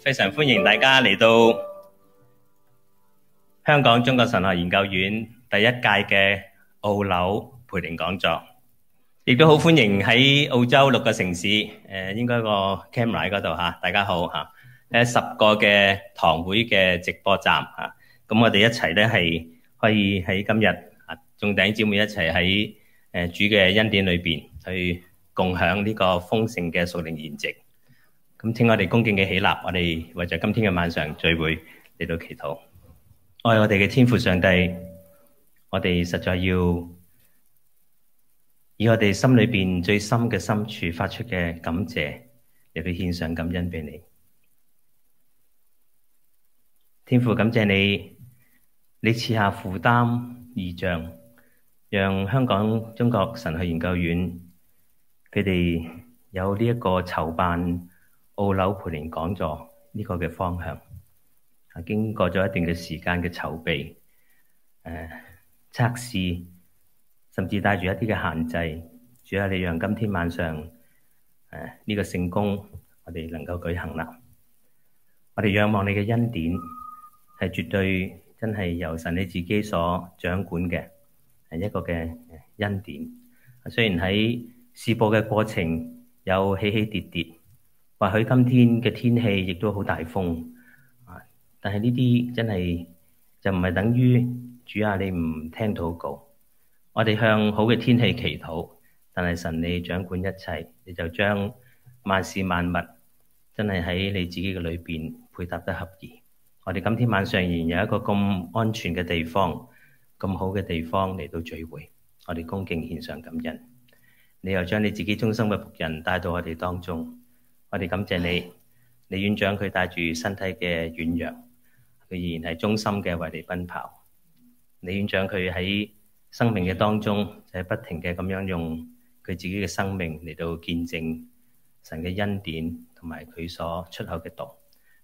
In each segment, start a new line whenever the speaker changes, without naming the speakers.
非常歡迎大家嚟到香港中國神學研究院第一屆嘅澳紐培靈講座，亦都好歡迎喺澳洲六個城市，誒、呃，應該個 camera 度吓，大家好吓，誒、啊，十個嘅堂會嘅直播站吓，咁、啊嗯、我哋一齊咧係可以喺今日啊，眾弟兄姊妹一齊喺誒主嘅恩典裏邊去共享呢個豐盛嘅屬靈筵席。咁，請我哋恭敬嘅起立，我哋為咗今天嘅晚上聚會嚟到祈禱。愛我哋嘅天父上帝，我哋實在要以我哋心裏邊最深嘅深處發出嘅感謝，嚟到獻上感恩俾你。天父，感謝你，你賜下負擔異象，讓香港中國神學研究院佢哋有呢一個籌辦。澳紐培靈講座呢個嘅方向啊，經過咗一定嘅時間嘅籌備誒、呃、測試，甚至帶住一啲嘅限制，主要你讓今天晚上誒呢、呃這個成功，我哋能夠舉行啦。我哋仰望你嘅恩典，係絕對真係由神你自己所掌管嘅，係一個嘅恩典。雖然喺試播嘅過程有起起跌跌。或許今天嘅天氣亦都好大風，但係呢啲真係，就唔係等於主啊！你唔聽禱告，我哋向好嘅天氣祈禱，但係神你掌管一切，你就將萬事萬物真係喺你自己嘅裏邊配搭得合宜。我哋今天晚上仍然有一個咁安全嘅地方、咁好嘅地方嚟到聚會，我哋恭敬獻上感恩。你又將你自己忠心嘅僕人帶到我哋當中。我哋感謝你，李院長佢帶住身體嘅軟弱，佢依然係忠心嘅為你奔跑。李院長佢喺生命嘅當中，就係不停嘅咁樣用佢自己嘅生命嚟到見證神嘅恩典，同埋佢所出口嘅道。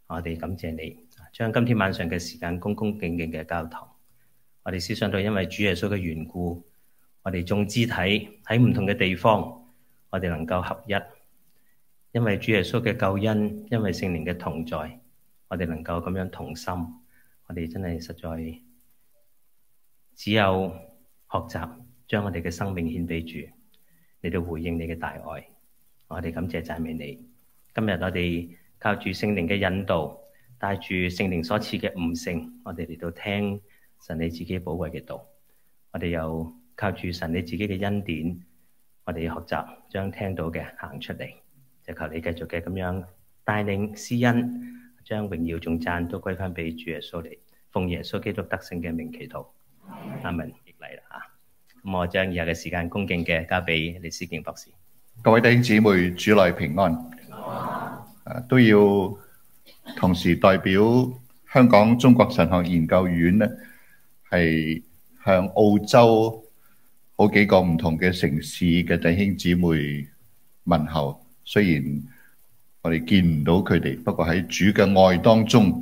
我哋感謝你，將今天晚上嘅時間恭恭敬敬嘅交託。我哋思想到因為主耶穌嘅緣故，我哋眾肢體喺唔同嘅地方，我哋能夠合一。因為主耶穌嘅救恩，因為聖靈嘅同在，我哋能夠咁樣同心。我哋真係實在只有學習，將我哋嘅生命獻俾主，你都回應你嘅大愛。我哋感謝讚美你。今日我哋靠住聖靈嘅引導，帶住聖靈所賜嘅悟性，我哋嚟到聽神你自己寶貴嘅道。我哋又靠住神你自己嘅恩典，我哋要學習將聽到嘅行出嚟。就求你繼續嘅咁樣帶領施恩，將榮耀仲讚都歸翻俾主耶穌嚟，奉耶穌基督得勝嘅名祈禱。阿文，明嚟啦吓，咁我將以後嘅時間恭敬嘅交俾李思敬博
士。各位弟兄姊妹主內平安，啊，都要同時代表香港中國神學研究院咧，係向澳洲好幾個唔同嘅城市嘅弟兄姊妹問候。雖然我哋見唔到佢哋，不過喺主嘅愛當中，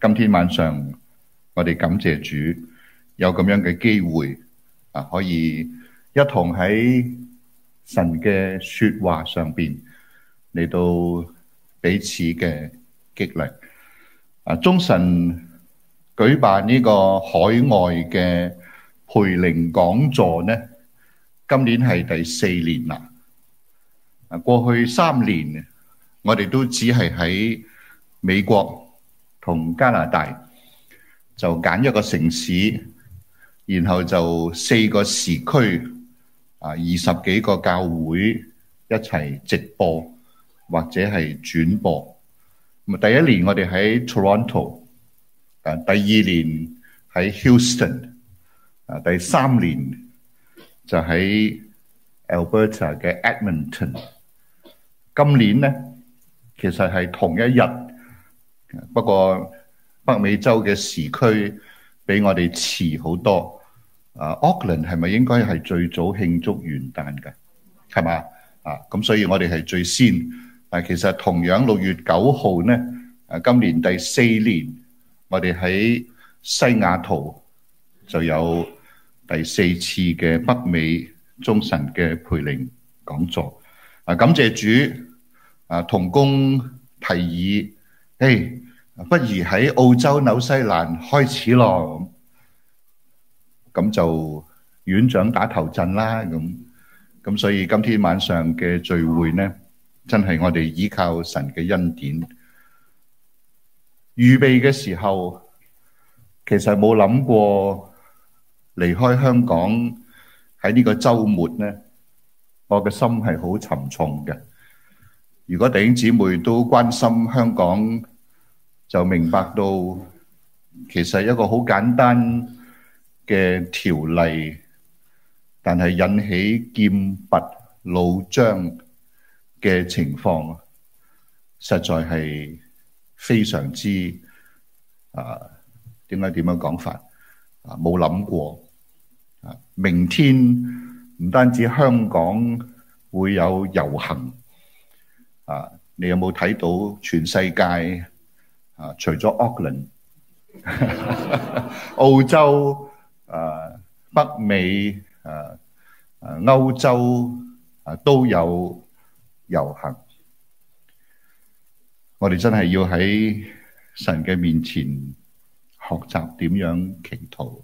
今天晚上我哋感謝主有咁樣嘅機會啊，可以一同喺神嘅說話上邊嚟到彼此嘅激勵。啊，中神舉辦呢個海外嘅培靈講座呢，今年係第四年啦。過去三年，我哋都只係喺美國同加拿大就揀一個城市，然後就四個時區啊，二十幾個教會一齊直播或者係轉播。咁啊，第一年我哋喺 Toronto，啊，第二年喺 Houston，啊，第三年就喺 Alberta 嘅 Edmonton。今年呢，其實係同一日，不過北美洲嘅時區比我哋遲好多。啊，奧克蘭係咪應該係最早慶祝元旦嘅？係嘛？啊，咁所以我哋係最先。但其實同樣六月九號呢，誒，今年第四年，我哋喺西雅圖就有第四次嘅北美中神嘅培靈講座。啊！感謝主啊，同工提議，哎，不如喺澳洲、紐西蘭開始咯，咁就院長打頭陣啦，咁咁所以今天晚上嘅聚會呢，真係我哋依靠神嘅恩典，預備嘅時候，其實冇諗過離開香港喺呢個週末呢。我嘅心係好沉重嘅。如果弟兄姊妹都關心香港，就明白到其實一個好簡單嘅條例，但係引起劍拔弩張嘅情況，實在係非常之啊？點解點樣講法啊？冇諗過啊！明天。唔單止香港會有遊行啊！你有冇睇到全世界啊？除咗奧克蘭、澳洲、誒、啊、北美、誒、啊、誒歐洲啊，都有遊行。我哋真係要喺神嘅面前學習點樣祈禱。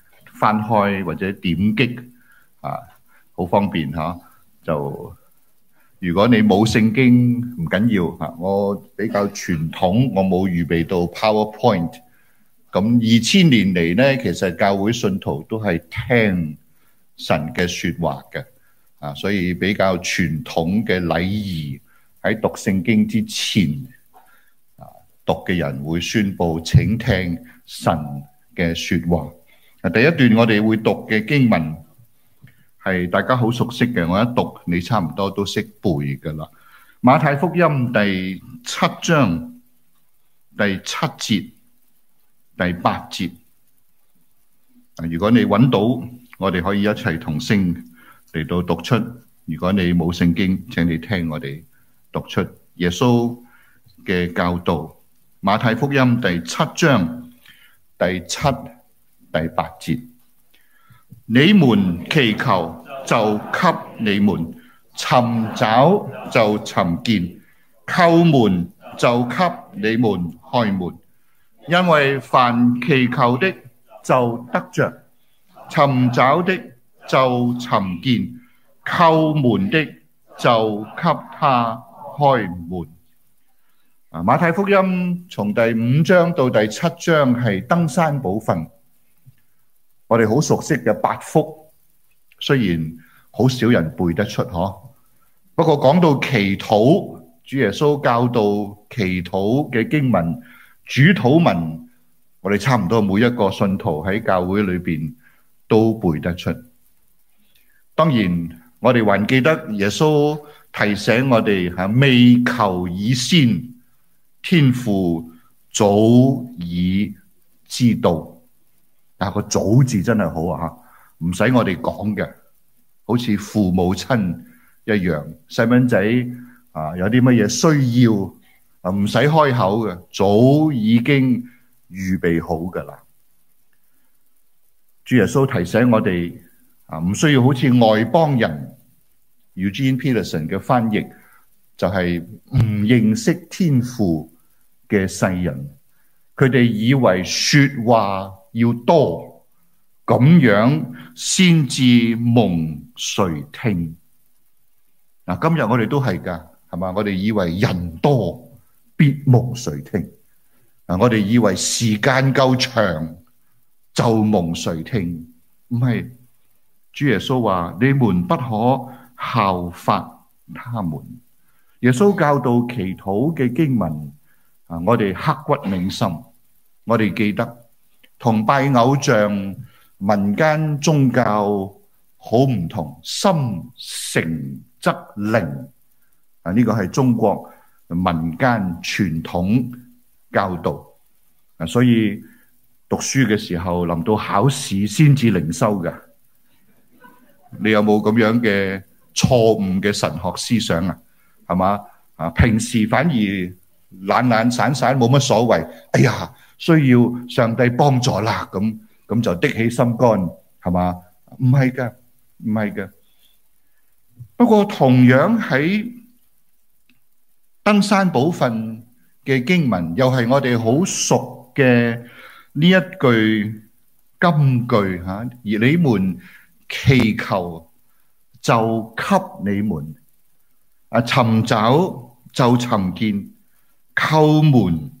翻開或者點擊啊，好方便嚇，啊。就如果你冇聖經唔緊要嚇，我比較傳統，我冇預備到 PowerPoint。咁二千年嚟咧，其實教會信徒都係聽神嘅説話嘅啊，所以比較傳統嘅禮儀喺讀聖經之前啊，讀嘅人會宣佈：請聽神嘅説話。第一段我哋會讀嘅經文係大家好熟悉嘅，我一讀你差唔多都識背噶啦。馬太福音第七章第七節第八節。如果你揾到，我哋可以一齊同聲嚟到讀出。如果你冇聖經，請你聽我哋讀出耶穌嘅教導。馬太福音第七章第七。第八節，你們祈求就給你們，尋找就尋見，叩門就給你們開門，因為凡祈求的就得着；尋找的就尋見，叩門的就給他開門。啊，馬太福音從第五章到第七章係登山寶訓。我哋好熟悉嘅八福，雖然好少人背得出，嗬。不過講到祈禱，主耶穌教導祈禱嘅經文，主禱文，我哋差唔多每一個信徒喺教會裏邊都背得出。當然，我哋還記得耶穌提醒我哋吓、啊，未求以先，天父早已知道。啊！個早字真係好啊，嚇唔使我哋講嘅，好似父母親一樣，細蚊仔啊，有啲乜嘢需要啊，唔使開口嘅，早已經預備好噶啦。主耶穌提醒我哋啊，唔需要好似外邦人 Eugene Peterson 嘅翻譯就係、是、唔認識天父嘅世人，佢哋以為說話。要多咁樣先至蒙垂聽嗱？今日我哋都係㗎，係咪？我哋以為人多必蒙垂聽嗱？我哋以為時間夠長就蒙垂聽？唔係，主耶穌話：你們不可效法他們。耶穌教導祈禱嘅經文啊，我哋刻骨銘心，我哋記得。崇拜偶像，民間宗教好唔同，心誠則靈啊！呢個係中國民間傳統教導啊，所以讀書嘅時候臨到考試先至靈修㗎。你有冇咁樣嘅錯誤嘅神學思想啊？係嘛啊？平時反而懶懶散散，冇乜所謂。哎呀！需要上帝幫助啦，咁咁就的起心肝，係嘛？唔係㗎，唔係㗎。不過同樣喺登山寶訓嘅經文，又係我哋好熟嘅呢一句金句吓。而你們祈求，就給你們；啊，尋找就尋見，叩門。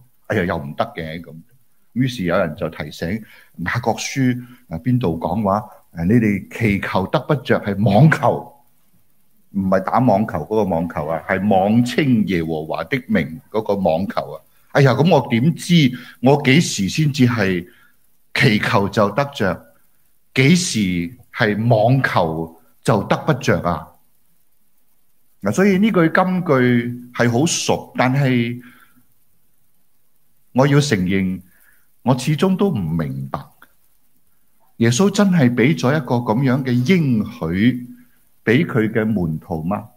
哎呀，又唔得嘅。咁，於是有人就提醒雅各書啊邊度講話，誒，你哋祈求得不着係妄求，唔係打網球嗰個網球啊，係妄稱耶和華的名嗰個妄求啊。哎呀，咁我點知我幾時先至係祈求就得着？幾時係妄求就得不着啊？嗱，所以呢句金句係好熟，但係。我要承認，我始終都唔明白，耶穌真係俾咗一個咁樣嘅應許俾佢嘅門徒嗎？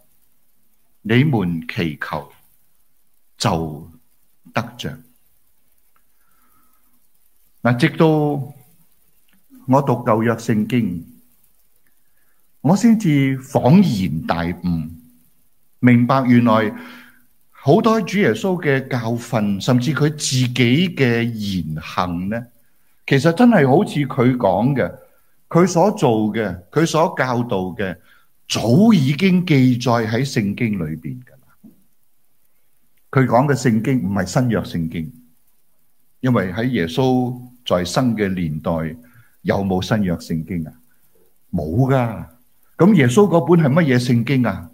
你們祈求就得着。嗱，直到我讀舊約聖經，我先至恍然大悟，明白原來。好多主耶穌嘅教訓，甚至佢自己嘅言行咧，其實真係好似佢講嘅，佢所做嘅，佢所教導嘅，早已經記載喺聖經裏邊噶啦。佢講嘅聖經唔係新約聖經，因為喺耶穌在生嘅年代有冇新約聖經啊？冇噶。咁耶穌嗰本係乜嘢聖經啊？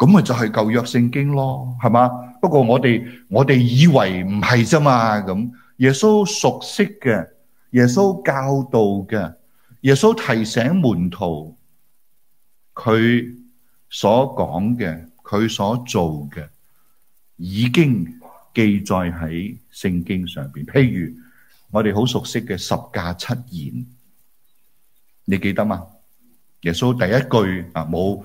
咁咪就係舊約聖經咯，係嘛？不過我哋我哋以為唔係啫嘛，咁耶穌熟悉嘅，耶穌教導嘅，耶穌提醒門徒佢所講嘅，佢所做嘅已經記載喺聖經上邊。譬如我哋好熟悉嘅十架七言，你記得嗎？耶穌第一句啊冇。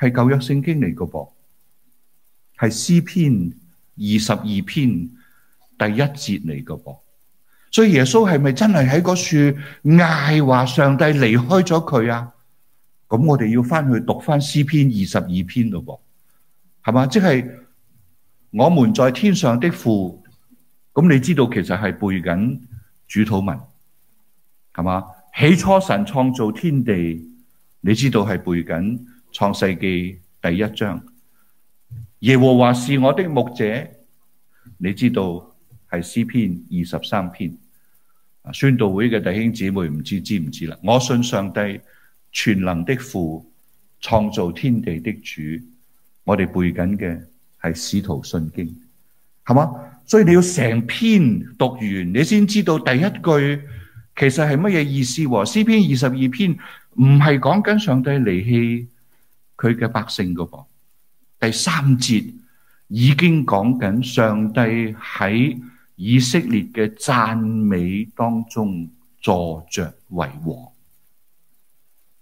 係舊約聖經嚟噶噃，係詩篇二十二篇第一節嚟噶噃，所以耶穌係咪真係喺個樹嗌話上帝離開咗佢啊？咁我哋要翻去讀翻詩篇二十二篇咯噃，係嘛？即係我們在天上的父，咁你知道其實係背緊主禱文，係嘛？起初神創造天地，你知道係背緊。創世紀第一章，耶和華是我的牧者，你知道係詩篇二十三篇啊。宣道會嘅弟兄姊妹唔知知唔知啦？我信上帝全能的父，創造天地的主。我哋背緊嘅係使徒信經，係嘛？所以你要成篇讀完，你先知道第一句其實係乜嘢意思？詩篇二十二篇唔係講緊上帝離棄佢嘅百姓嗰個，第三節已經講緊上帝喺以色列嘅讚美當中坐著為王。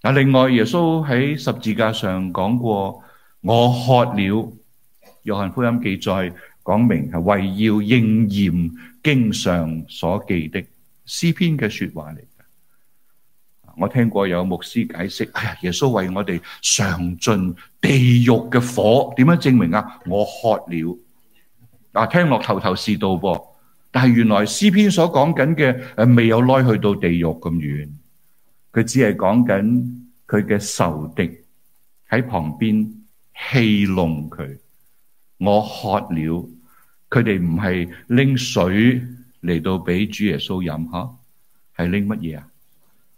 嗱，另外耶穌喺十字架上講過：我喝了。約翰福音記載講明係為要應驗經上所記的詩篇嘅説話嚟。我聽過有牧師解釋，哎呀，耶穌為我哋嘗盡地獄嘅火，點樣證明啊？我渴了，嗱，聽落頭頭是道噃。但係原來詩篇所講緊嘅，誒、啊，未有耐去到地獄咁遠，佢只係講緊佢嘅仇敵喺旁邊戲弄佢。我渴了，佢哋唔係拎水嚟到俾主耶穌飲，吓，係拎乜嘢啊？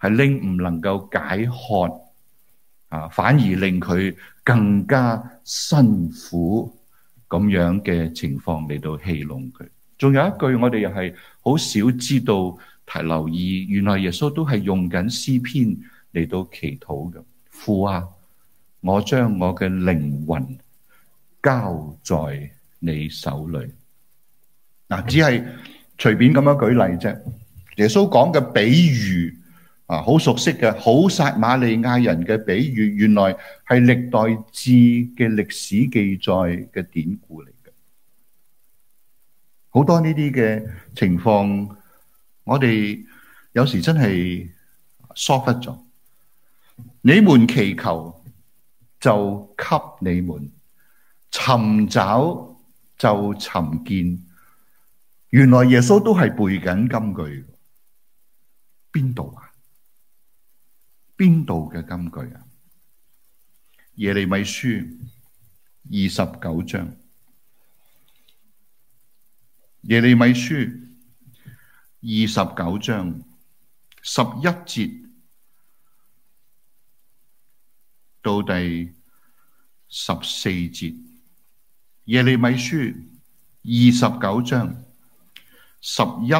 係令唔能夠解渴啊，反而令佢更加辛苦咁樣嘅情況嚟到戲弄佢。仲有一句我哋又係好少知道提留意，原來耶穌都係用緊詩篇嚟到祈禱嘅。父啊，我將我嘅靈魂交在你手裏。嗱，啊，只係隨便咁樣舉例啫。耶穌講嘅比喻。啊，好熟悉嘅好撒瑪利亞人嘅比喻，原來係歷代志嘅歷史記載嘅典故嚟嘅。好多呢啲嘅情況，我哋有時真係疏忽咗。你們祈求就給你們，尋找就尋見。原來耶穌都係背緊金句，邊度啊？邊度嘅根據啊？耶利米書二十九章，耶利米書二十九章十一節到第十四節，耶利米書二十九章十一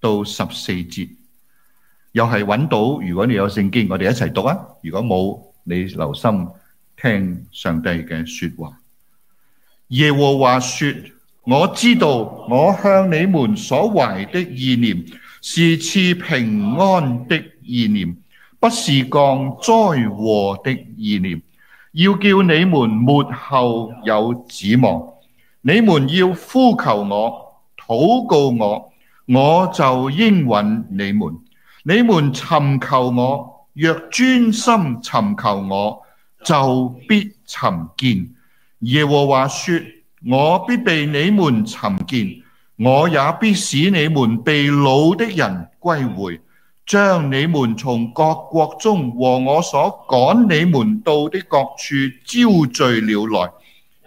到十四節。又係搵到。如果你有聖經，我哋一齊讀啊。如果冇，你留心聽上帝嘅說話。耶和華說：我知道我向你們所懷的意念是賜平安的意念，不是降災禍的意念，要叫你們末後有指望。你們要呼求我、禱告我，我就應允你們。你們尋求我，若專心尋求我，就必尋見。耶和華說：我必被你們尋見，我也必使你們被擄的人歸回，將你們從各國中和我所趕你們到的各處招聚了來，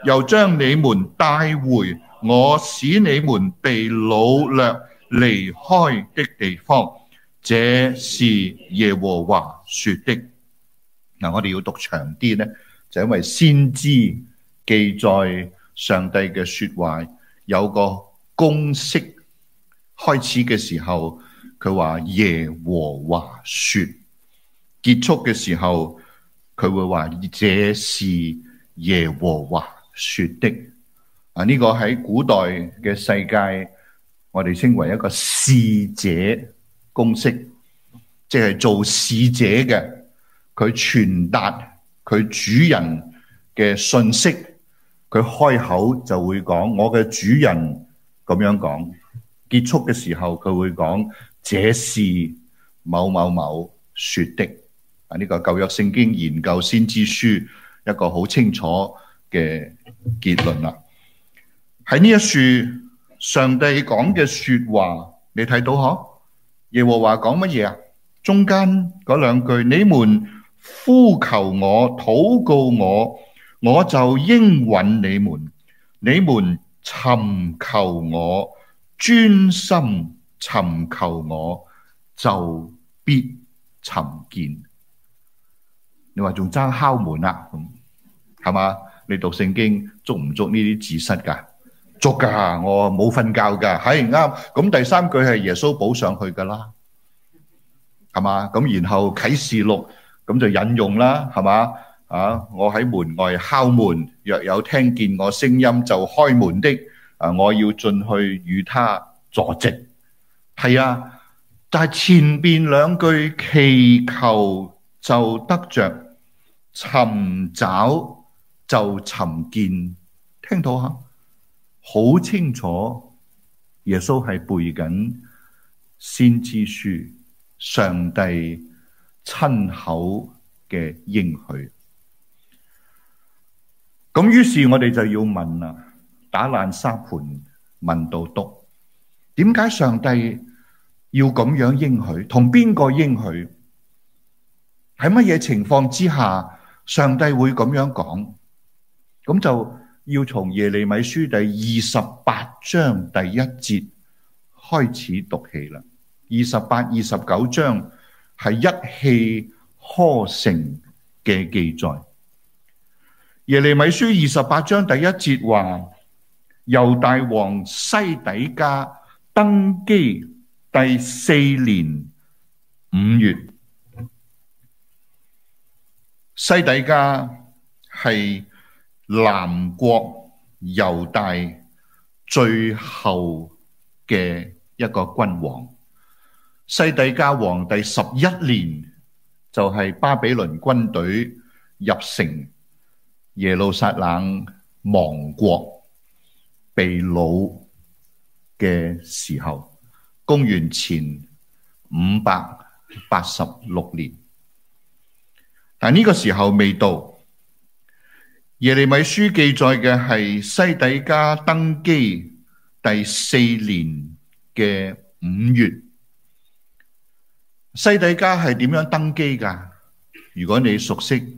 又將你們帶回我使你們被擄掠離開的地方。這是耶和華說的嗱、啊，我哋要讀長啲咧，就因為先知記載上帝嘅說話有個公式。開始嘅時候佢話耶和華說，結束嘅時候佢會話，這是耶和華說的啊。呢、這個喺古代嘅世界，我哋稱為一個使者，公式即係做使者嘅，佢傳達佢主人嘅信息，佢開口就會講我嘅主人咁樣講。結束嘅時候佢會講這是某某某說的啊。呢、這個舊約聖經研究先知書一個好清楚嘅結論啦。喺呢一樹，上帝講嘅說話，你睇到嗬？耶和華講乜嘢啊？中間嗰兩句，你們呼求我、禱告我，我就應允你們；你們尋求我、專心尋求我，就必尋見。你話仲爭敲門啊？係嘛？你讀聖經捉唔捉呢啲字蝨㗎？捉噶，我冇瞓覺噶，係啱。咁第三句係耶穌補上去噶啦，係嘛？咁然後啟示錄咁就引用啦，係嘛？啊，我喺門外敲門，若有聽見我聲音就開門的，啊，我要進去與他坐席。係啊，但係前面兩句祈求就得着，尋找就尋見，聽到吓？好清楚，耶穌係背緊先知書，上帝親口嘅應許。咁於是我哋就要問啦：打爛沙盤，問到篤，點解上帝要咁樣應許？同邊個應許？喺乜嘢情況之下，上帝會咁樣講？咁就，要從耶利米書第二十八章第一節開始讀起啦。二十八、二十九章係一氣呵成嘅記載。耶利米書二十八章第一節話：猶大王西底家登基第四年五月，西底家係。南國猶大最後嘅一個君王西底家皇帝十一年，就係巴比倫軍隊入城耶路撒冷亡國被擄嘅時候，公元前五百八十六年。但呢個時候未到。耶利米書記載嘅係西底家登基第四年嘅五月。西底家係點樣登基㗎？如果你熟悉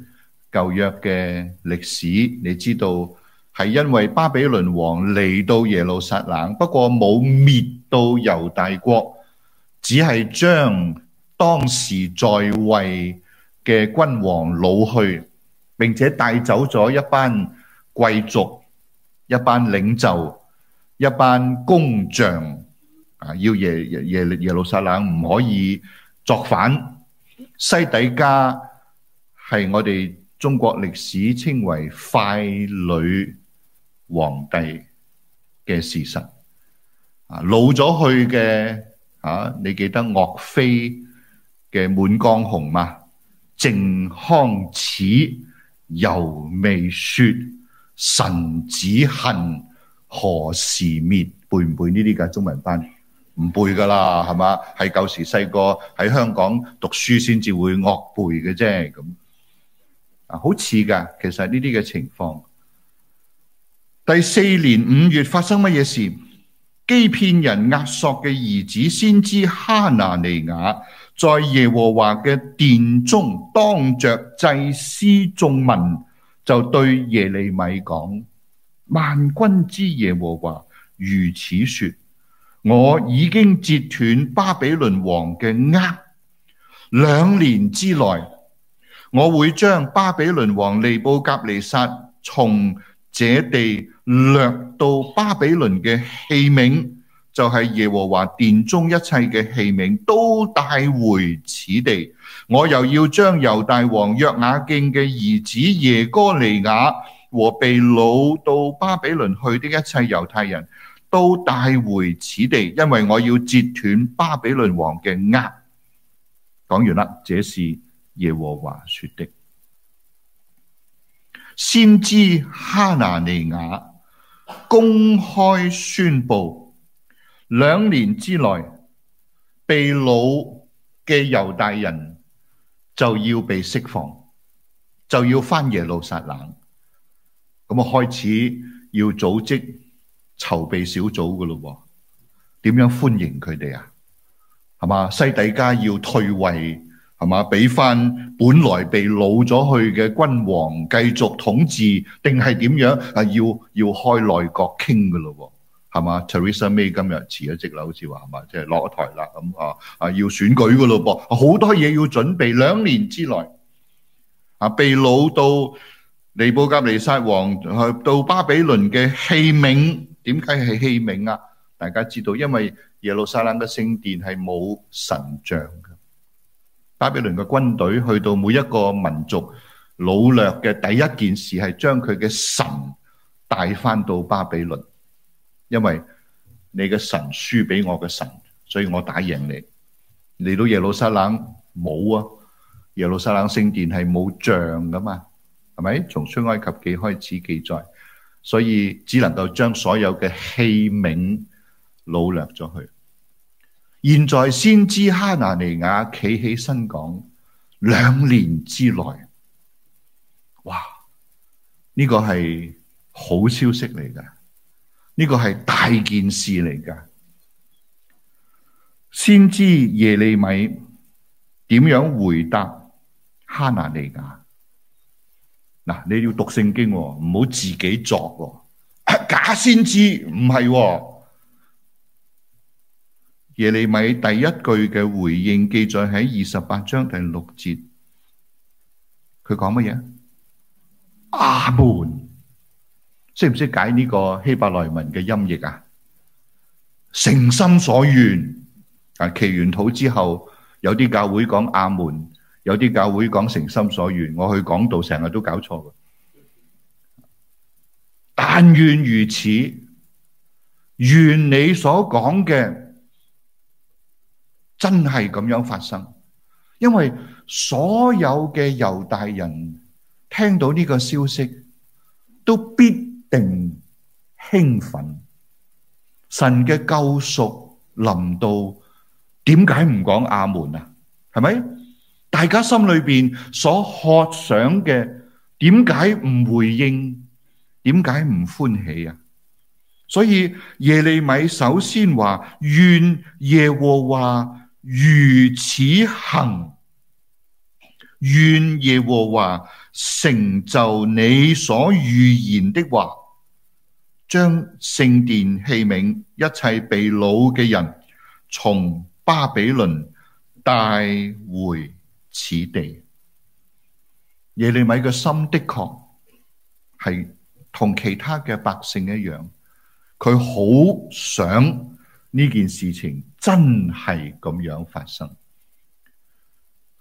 舊約嘅歷史，你知道係因為巴比倫王嚟到耶路撒冷，不過冇滅到猶大國，只係將當時在位嘅君王老去。並且帶走咗一班貴族、一班領袖、一班工匠啊，要耶耶耶耶路撒冷唔可以作反。西底家係我哋中國歷史稱為傀儡皇帝嘅事實啊，老咗去嘅啊，你記得岳飛嘅《滿江紅》嗎？靖康恥，猶未雪，臣子恨何時滅？背唔背呢啲嘅中文班唔背噶啦，係嘛？係舊時細個喺香港讀書先至會惡背嘅啫。咁啊，好似噶，其實呢啲嘅情況。第四年五月發生乜嘢事？基遍人押朔嘅兒子，先知哈拿尼雅。在耶和華嘅殿中，當着祭司眾民，就對耶利米講：萬軍之耶和華如此說：我已經截斷巴比倫王嘅軛，兩年之內，我會將巴比倫王尼布甲尼撒從這地掠到巴比倫嘅器皿，就係耶和華殿中一切嘅器皿都帶回此地。我又要將猶大王約雅敬嘅兒子耶哥尼雅和被擄到巴比倫去的一切猶太人，都帶回此地，因為我要截斷巴比倫王嘅軛。講完啦，這是耶和華說的。先知哈拿尼雅公開宣布。兩年之內，被擄嘅猶大人就要被釋放，就要翻耶路撒冷。咁啊，開始要組織籌備小組噶咯。點樣歡迎佢哋啊？係嘛，西底家要退位，係嘛，俾翻本來被擄咗去嘅君王繼續統治，定係點樣啊？要要開內閣傾噶咯。係嘛，Theresa May 今日辭咗職啦，好似話，係嘛，即係落咗台啦，咁啊啊，要選舉噶咯噃，好多嘢要準備。兩年之內啊，被擄到尼布甲尼撒王去到巴比倫嘅器皿，點解係器皿啊？大家知道，因為耶路撒冷嘅聖殿係冇神像嘅。巴比倫嘅軍隊去到每一個民族擄掠嘅第一件事係將佢嘅神帶翻到巴比倫。因為你嘅神輸俾我嘅神，所以我打贏你。嚟到耶路撒冷冇啊，耶路撒冷聖殿係冇像噶嘛，係咪？從出埃及記開始記載，所以只能夠將所有嘅器皿擄掠咗佢。現在先知哈拿尼雅企起身講：兩年之內，哇！呢、這個係好消息嚟噶。呢個係大件事嚟噶，先知耶利米點樣回答哈拿尼雅？嗱，你要讀聖經喎，唔好自己作喎。啊，假先知，唔係喎。耶利米第一句嘅回應記載喺二十八章第六節，佢講乜嘢？阿門。識唔識解呢個希伯來文嘅音譯啊？誠心所願啊，祈完禱之後，有啲教會講阿門，有啲教會講誠心所願。我去講道成日都搞錯。但願如此，願你所講嘅真係咁樣發生，因為所有嘅猶大人聽到呢個消息，都必。定興奮，神嘅救贖臨到，點解唔講阿門啊？係咪？大家心裏邊所渴想嘅，點解唔回應？點解唔歡喜啊？所以耶利米首先話願耶和華如此行。願耶和華成就你所預言的話，將聖殿器皿、一切被擄嘅人從巴比倫帶回此地。耶利米嘅心的確係同其他嘅百姓一樣，佢好想呢件事情真係咁樣發生。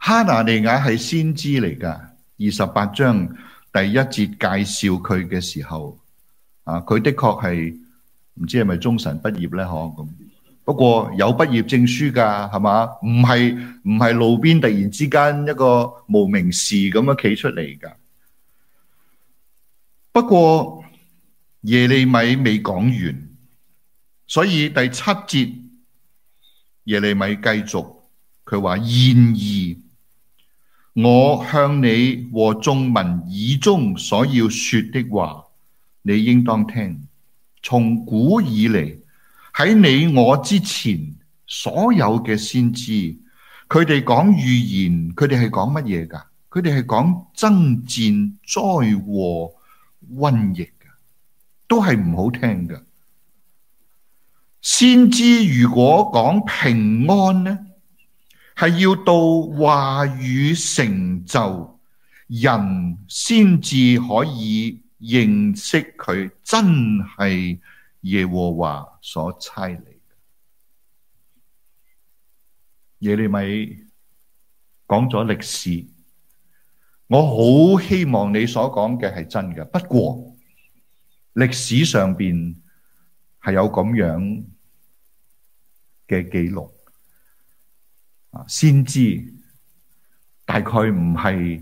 哈拿尼雅係先知嚟噶，二十八章第一節介紹佢嘅時候，啊，佢的確係唔知係咪中神畢業咧？嗬，咁不過有畢業證書噶，係嘛？唔係唔係路邊突然之間一個無名氏咁樣企出嚟噶。不過耶利米未講完，所以第七節耶利米繼續，佢話然而。我向你和眾民耳中所要說的話，你應當聽。從古以來，喺你我之前，所有嘅先知，佢哋講預言，佢哋係講乜嘢噶？佢哋係講爭戰、災禍、瘟疫嘅，都係唔好聽嘅。先知如果講平安呢？係要到話語成就人，先至可以認識佢真係耶和華所差嚟嘅。耶利米講咗歷史，我好希望你所講嘅係真嘅。不過歷史上邊係有咁樣嘅記錄。先知大概唔係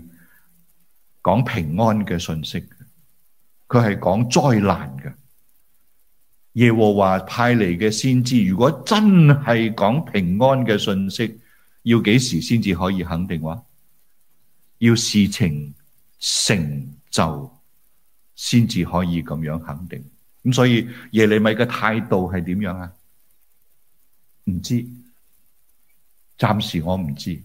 講平安嘅信息，佢係講災難嘅。耶和華派嚟嘅先知，如果真係講平安嘅信息，要幾時先至可以肯定話？要事情成就先至可以咁樣肯定。咁所以耶利米嘅態度係點樣啊？唔知。暫時我唔知，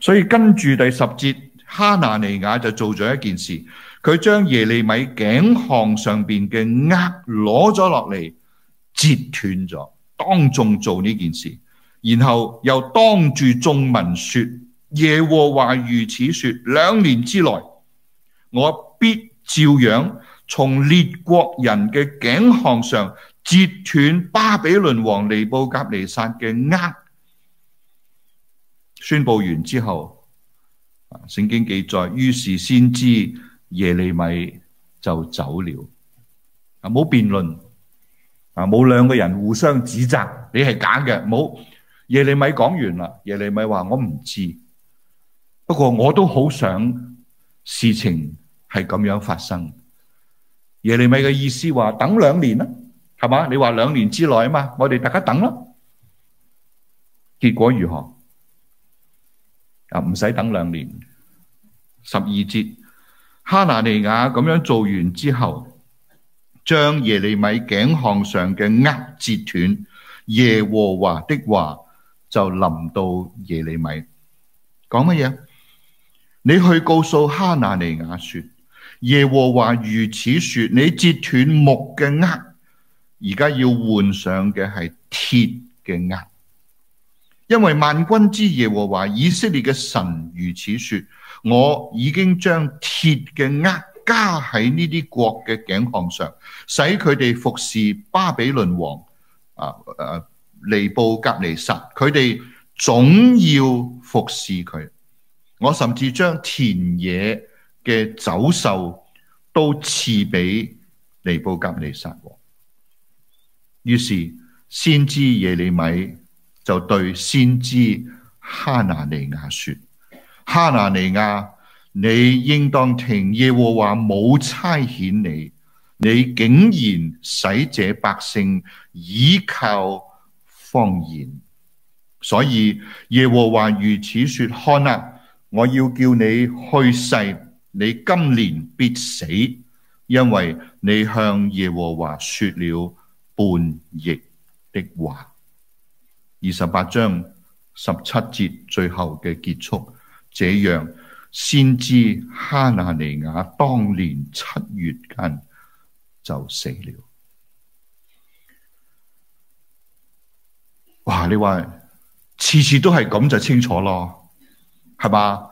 所以跟住第十節，哈拿尼雅就做咗一件事，佢將耶利米頸項上邊嘅軛攞咗落嚟，截斷咗，當眾做呢件事，然後又當住眾民說：耶和華如此說，兩年之內，我必照樣從列國人嘅頸項上截斷巴比倫王尼布甲尼撒嘅軛。宣布完之後，聖經記載，於是先知耶利米就走了。咁、啊、冇辯論，啊冇兩個人互相指責，你係假嘅。冇耶利米講完啦，耶利米話我唔知，不過我都好想事情係咁樣發生。耶利米嘅意思話等兩年啦、啊，係嘛？你話兩年之內啊嘛，我哋大家等囉。結果如何？啊！唔使等兩年，十二節哈拿尼雅咁樣做完之後，將耶利米頸項上嘅軛折斷，耶和華的話就臨到耶利米。講乜嘢？你去告訴哈拿尼雅說，耶和華如此說：你折斷木嘅軛，而家要換上嘅係鐵嘅軛。因為萬軍之耶和華以色列嘅神如此說：我已經將鐵嘅軛加喺呢啲國嘅頸項上，使佢哋服侍巴比倫王啊！誒、啊，尼布甲尼撒，佢哋總要服侍佢。我甚至將田野嘅走獸都賜俾尼布甲尼撒王。於是先知耶利米，就對先知哈拿尼亞說：哈拿尼亞，你應當聽，耶和華冇差遣你，你竟然使這百姓倚靠謊言。所以耶和華如此說：看啊，我要叫你去世，你今年必死，因為你向耶和華說了叛逆的話。二十八章十七節最後嘅結束，這樣先知哈拿尼雅當年七月間就死了。哇！你話次次都係咁就清楚咯，係嘛？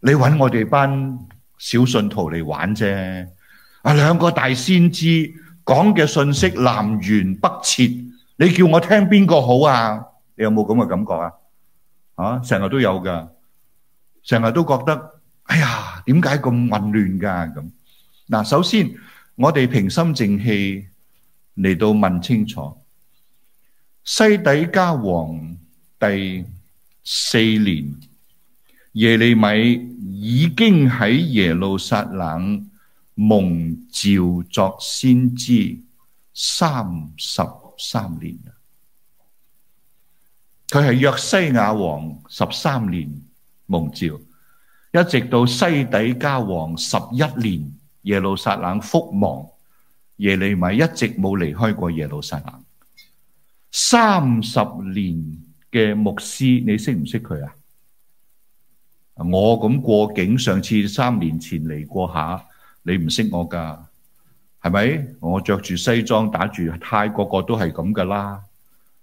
你搵我哋班小信徒嚟玩啫。啊，兩個大先知講嘅信息南轅北轍，你叫我聽邊個好啊？你有冇咁嘅感覺啊？啊，成日都有噶，成日都覺得，哎呀，點解咁混亂噶咁？嗱，首先我哋平心靜氣嚟到問清楚，西底家王第四年耶利米已經喺耶路撒冷蒙召作先知三十三年。佢係約西亞王十三年蒙召，一直到西底家王十一年耶路撒冷覆亡，耶利米一直冇離開過耶路撒冷。三十年嘅牧師，你識唔識佢啊？我咁過境，上次三年前嚟過下，你唔識我噶，係咪？我着住西裝，打住呔，個個都係咁噶啦，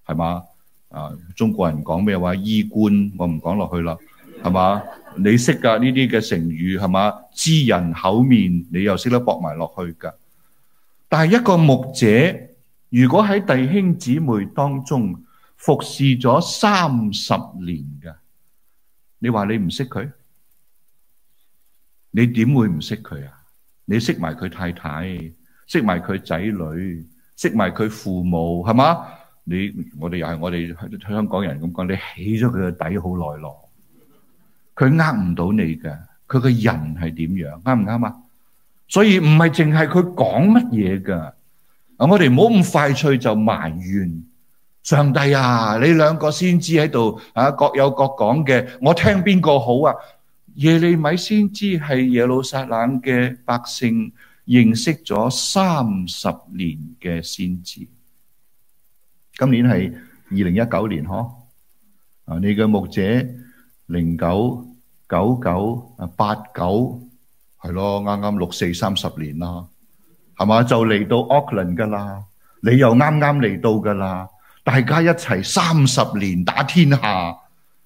係嘛？啊！中國人講咩話？衣冠我唔講落去啦，係嘛？你識噶呢啲嘅成語，係嘛？知人口面，你又識得駁埋落去噶。但係一個牧者，如果喺弟兄姊妹當中服侍咗三十年噶，你話你唔識佢？你點會唔識佢啊？你識埋佢太太，識埋佢仔女，識埋佢父母，係嘛？你我哋又係我哋香港人咁講，你起咗佢個底好耐咯，佢呃唔到你嘅，佢個人係點樣啱唔啱啊？所以唔係淨係佢講乜嘢㗎啊！我哋唔好咁快脆就埋怨上帝啊！你兩個先知喺度啊，各有各講嘅，我聽邊個好啊？耶利米先知係耶路撒冷嘅百姓認識咗三十年嘅先知。今年係二零一九年，嗬啊！你嘅牧者零九九九啊，八九係咯，啱啱六四三十年啦，係嘛？就嚟到奧克蘭㗎啦，你又啱啱嚟到㗎啦，大家一齊三十年打天下，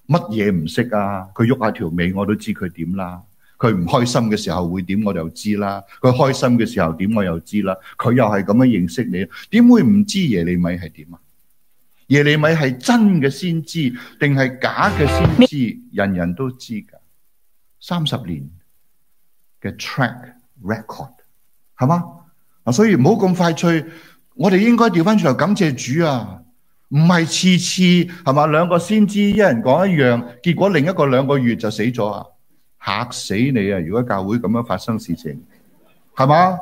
乜嘢唔識啊？佢喐下條尾我都知佢點啦。佢唔開心嘅時候會點我就知啦。佢開心嘅時候點我又知啦。佢又係咁樣認識你，點會唔知耶利米係點啊？耶利米係真嘅先知定係假嘅先知？人人都知噶，三十年嘅 track record 係嘛？啊，所以唔好咁快脆，我哋應該調翻出嚟感謝主啊！唔係次次係嘛？兩個先知一人講一樣，結果另一個兩個月就死咗啊！吓死你啊！如果教會咁樣發生事情，係嘛？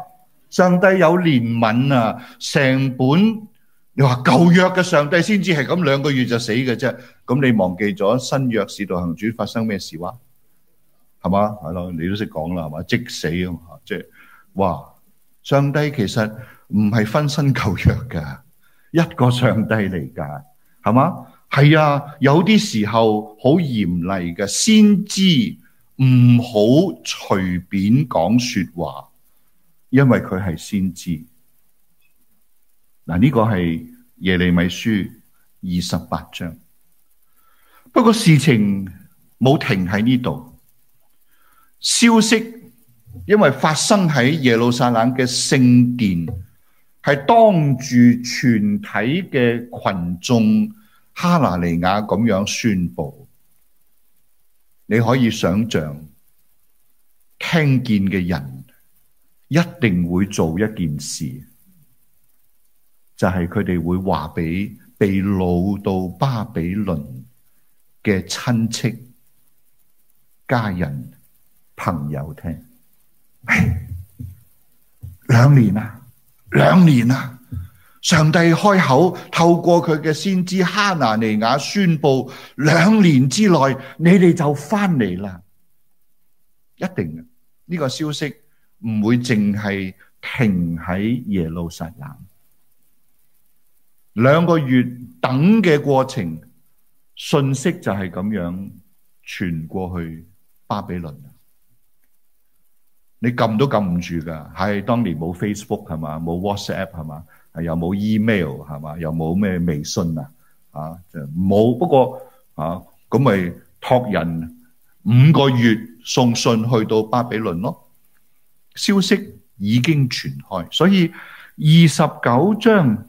上帝有憐憫啊，成本。你話舊約嘅上帝先至係咁兩個月就死嘅啫，咁你忘記咗新約使徒行傳發生咩事話係嘛？係咯，你都識講啦係嘛？即死啊，即，哇！上帝其實唔係分身舊約嘅一個上帝嚟噶，係嘛？係啊，有啲時候好嚴厲嘅。先知唔好隨便講說話，因為佢係先知。嗱，呢個係耶利米書二十八章。不過事情冇停喺呢度，消息因為發生喺耶路撒冷嘅聖殿，係當住全體嘅群眾哈拿尼雅咁樣宣布。你可以想象，聽見嘅人一定會做一件事。就係佢哋會話俾被擄到巴比倫嘅親戚、家人、朋友聽。唉，兩年啦，兩年啦！上帝開口透過佢嘅先知哈拿尼雅宣布：兩年之內，你哋就翻嚟啦！一定呢、呢個消息唔會淨係停喺耶路撒冷。兩個月等嘅過程，信息就係咁樣傳過去巴比倫。你撳都撳唔住噶，係當年冇 Facebook 係嘛，冇 WhatsApp 係嘛，又冇 email 係嘛，又冇咩微信啊，啊就冇。不過啊，咁咪託人五個月送信去到巴比倫咯，消息已經傳開。所以二十九章。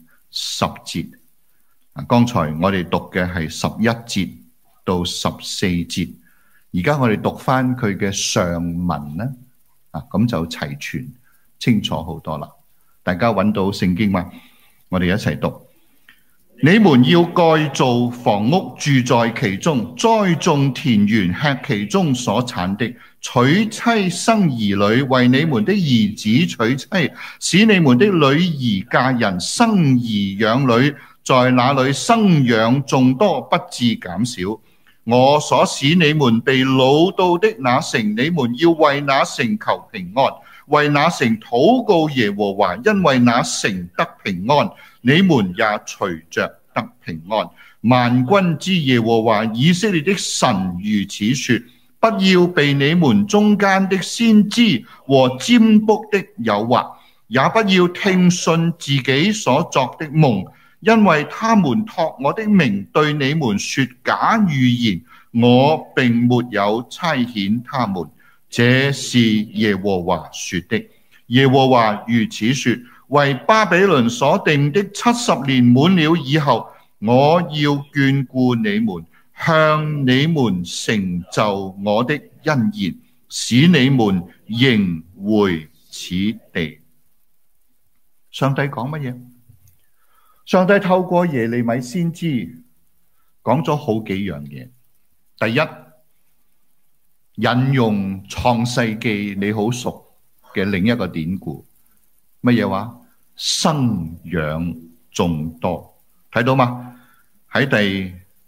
十節啊，剛才我哋讀嘅係十一節到十四節，而家我哋讀返佢嘅上文啦，啊咁就齊全清楚好多啦。大家揾到聖經嗎，我哋一齊讀： 你們要蓋造房屋，住在其中；栽種田園，吃其中所產的。娶妻生兒女，為你們的兒子娶妻，使你們的女兒嫁人，生兒養女，在那裏生養眾多，不至減少。我所使你們被擄到的那城，你們要為那城求平安，為那城禱告耶和華，因為那城得平安，你們也隨着得平安。萬軍之耶和華以色列的神如此說。不要被你們中間的先知和占卜的誘惑，也不要聽信自己所作的夢，因為他們託我的名對你們説假預言，我並沒有差遣他們。這是耶和華說的。耶和華如此說：為巴比倫所定的七十年滿了以後，我要眷顧你們。向你們成就我的恩言，使你們仍回此地。上帝講乜嘢？上帝透過耶利米先知講咗好幾樣嘢。第一，引用創世記，你好熟嘅另一個典故，乜嘢話生養眾多，睇到嗎？喺地。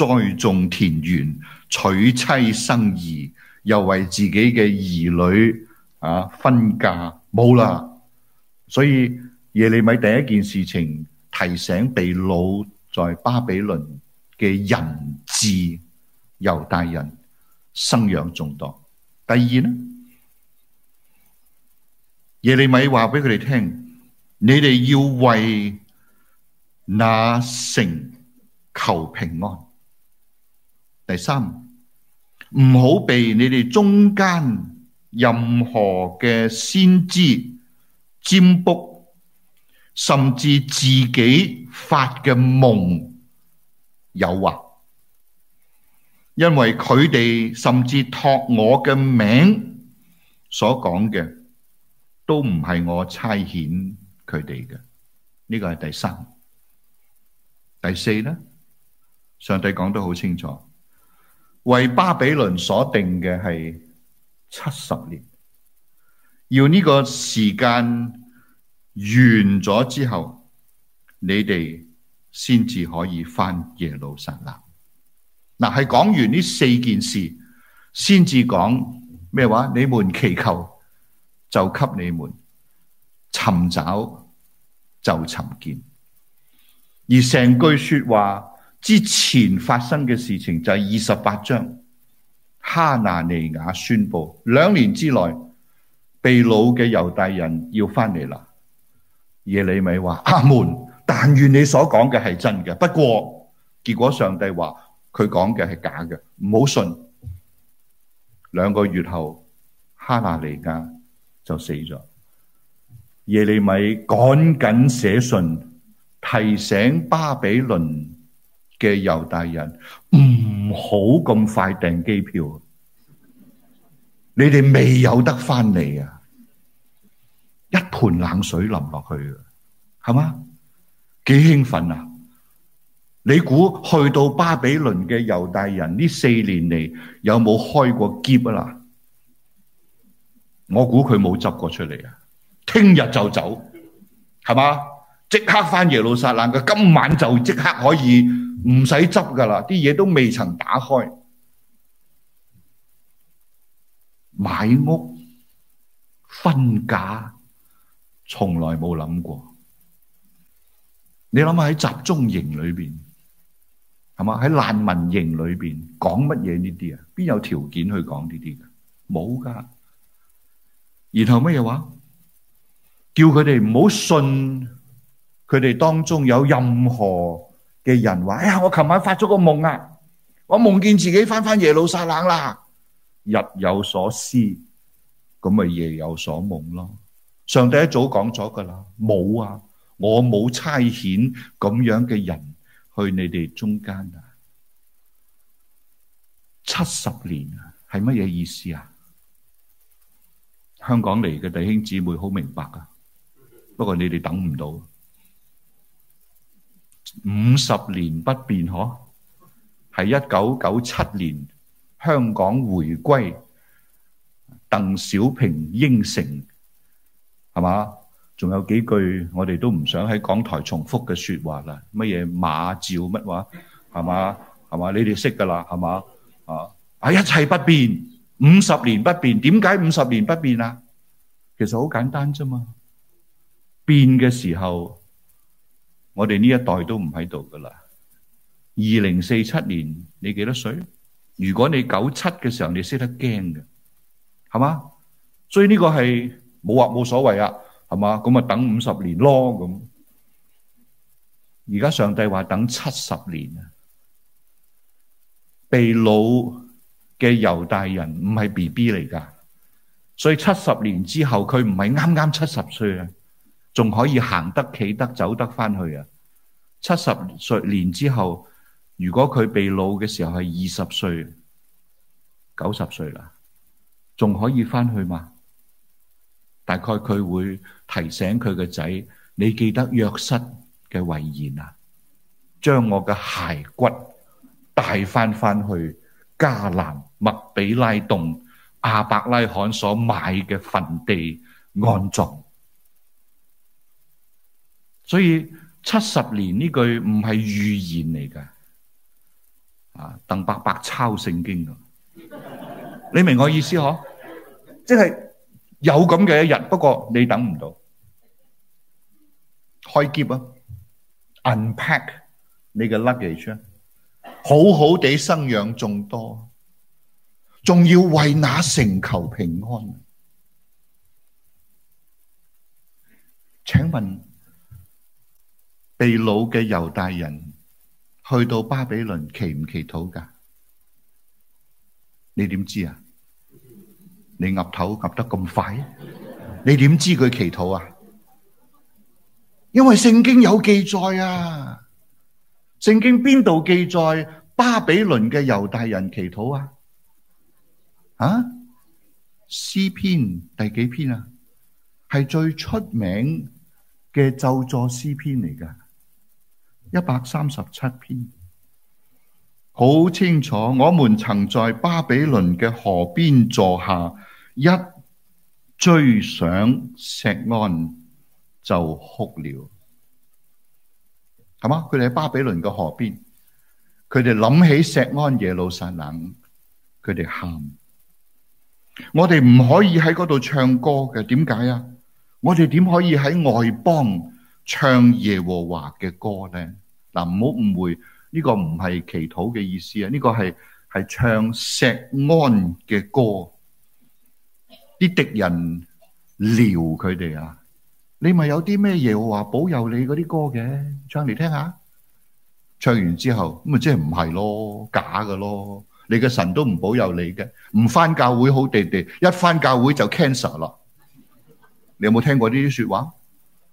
栽種田園，娶妻生兒，又為自己嘅兒女啊婚嫁冇啦。嗯、所以耶利米第一件事情提醒被擄在巴比倫嘅人質猶大人生養眾多。第二呢，耶利米話俾佢哋聽：你哋要為那城求平安。第三，唔好被你哋中間任何嘅先知占卜，甚至自己發嘅夢誘惑，因為佢哋甚至託我嘅名所講嘅，都唔係我差遣佢哋嘅，呢個係第三。第四咧，上帝講得好清楚。為巴比倫所定嘅係七十年，要呢個時間完咗之後，你哋先至可以翻耶路撒冷。嗱，啊，係講完呢四件事，先至講咩話？你們祈求就給你們，尋找就尋見，而成句說話。之前發生嘅事情就係二十八章，哈拿尼雅宣布兩年之內被擄嘅猶大人要翻嚟啦。耶利米話：阿門，但願你所講嘅係真嘅。不過結果上帝話佢講嘅係假嘅，唔好信。兩個月後，哈拿尼雅就死咗。耶利米趕緊寫信提醒巴比倫。嘅猶大人唔好咁快訂機票，你哋未有得翻嚟啊！一盆冷水淋落去，係嘛？幾興奮啊！你估去到巴比倫嘅猶大人呢四年嚟，有冇開過篋啊？嗱，我估佢冇執過出嚟啊！聽日就走，係嘛？即刻翻耶路撒冷嘅，今晚就即刻可以唔使執噶啦，啲嘢都未曾打開，買屋婚嫁從來冇諗過。你諗下喺集中營裏邊係嘛？喺難民營裏邊講乜嘢呢啲啊？邊有條件去講呢啲嘅？冇噶。然後乜嘢話？叫佢哋唔好信。佢哋當中有任何嘅人話：「哎呀，我琴晚發咗個夢啊，我夢見自己翻翻耶路撒冷啦。日有所思，咁咪夜有所夢咯。上帝一早講咗噶啦，冇啊，我冇差遣咁樣嘅人去你哋中間啊。七十年啊，係乜嘢意思啊？香港嚟嘅弟兄姊妹好明白噶，不過你哋等唔到。五十年不變，嗬，係一九九七年香港回歸，鄧小平應承，係嘛？仲有幾句我哋都唔想喺港台重複嘅説話啦，乜嘢馬照乜話，係嘛？係嘛？你哋識噶啦，係嘛？啊啊！一切不變，五十年不變，點解五十年不變啊？其實好簡單啫嘛，變嘅時候。我哋呢一代都唔喺度噶啦，二零四七年你幾多歲？如果你九七嘅時候你識得驚嘅，係嘛？所以呢個係冇話冇所謂啊，係嘛？咁啊等五十年咯咁。而家上帝話等七十年啊，被擄嘅猶大人唔係 B B 嚟噶，所以七十年之後佢唔係啱啱七十歲啊。仲可以行得、企得、走得翻去啊！七十歲年之後，如果佢被老嘅時候係二十歲，九十歲啦，仲可以翻去嗎？大概佢會提醒佢個仔，你記得約瑟嘅遺言啊，將我嘅骸骨帶翻翻去迦南麥比拉洞，亞伯拉罕所買嘅墳地安葬。所以七十年呢句唔係預言嚟噶，啊鄧伯伯抄聖經噶， 你明我意思嗬？即係有咁嘅一日，不過你等唔到，開篋啊，unpack 你嘅 luggage，、啊、好好地生養眾多，仲要為那城求平安？請問？被擄嘅猶大人去到巴比倫，祈唔祈禱噶？你點知啊？你岌頭岌得咁快，你點知佢祈禱啊？因為聖經有記載啊！聖經邊度記載巴比倫嘅猶大人祈禱啊？啊？詩篇第幾篇啊？係最出名嘅咒詛詩篇嚟噶。一百三十七篇，好清楚。我們曾在巴比倫嘅河邊坐下，一追上錫安就哭了，係嘛？佢哋喺巴比倫嘅河邊，佢哋諗起錫安耶路撒冷，佢哋喊。我哋唔可以喺嗰度唱歌嘅，點解啊？我哋點可以喺外邦？唱耶和華嘅歌咧，嗱，唔好誤會，呢個唔係祈禱嘅意思啊！呢個係係唱錫安嘅歌，啲敵人撩佢哋啊！你咪有啲咩耶和華保佑你嗰啲歌嘅，唱嚟聽下。唱完之後咁咪，即係唔係咯，假嘅咯，你嘅神都唔保佑你嘅，唔返教會好地地，一返教會就 cancer 啦。你有冇聽過呢啲說話？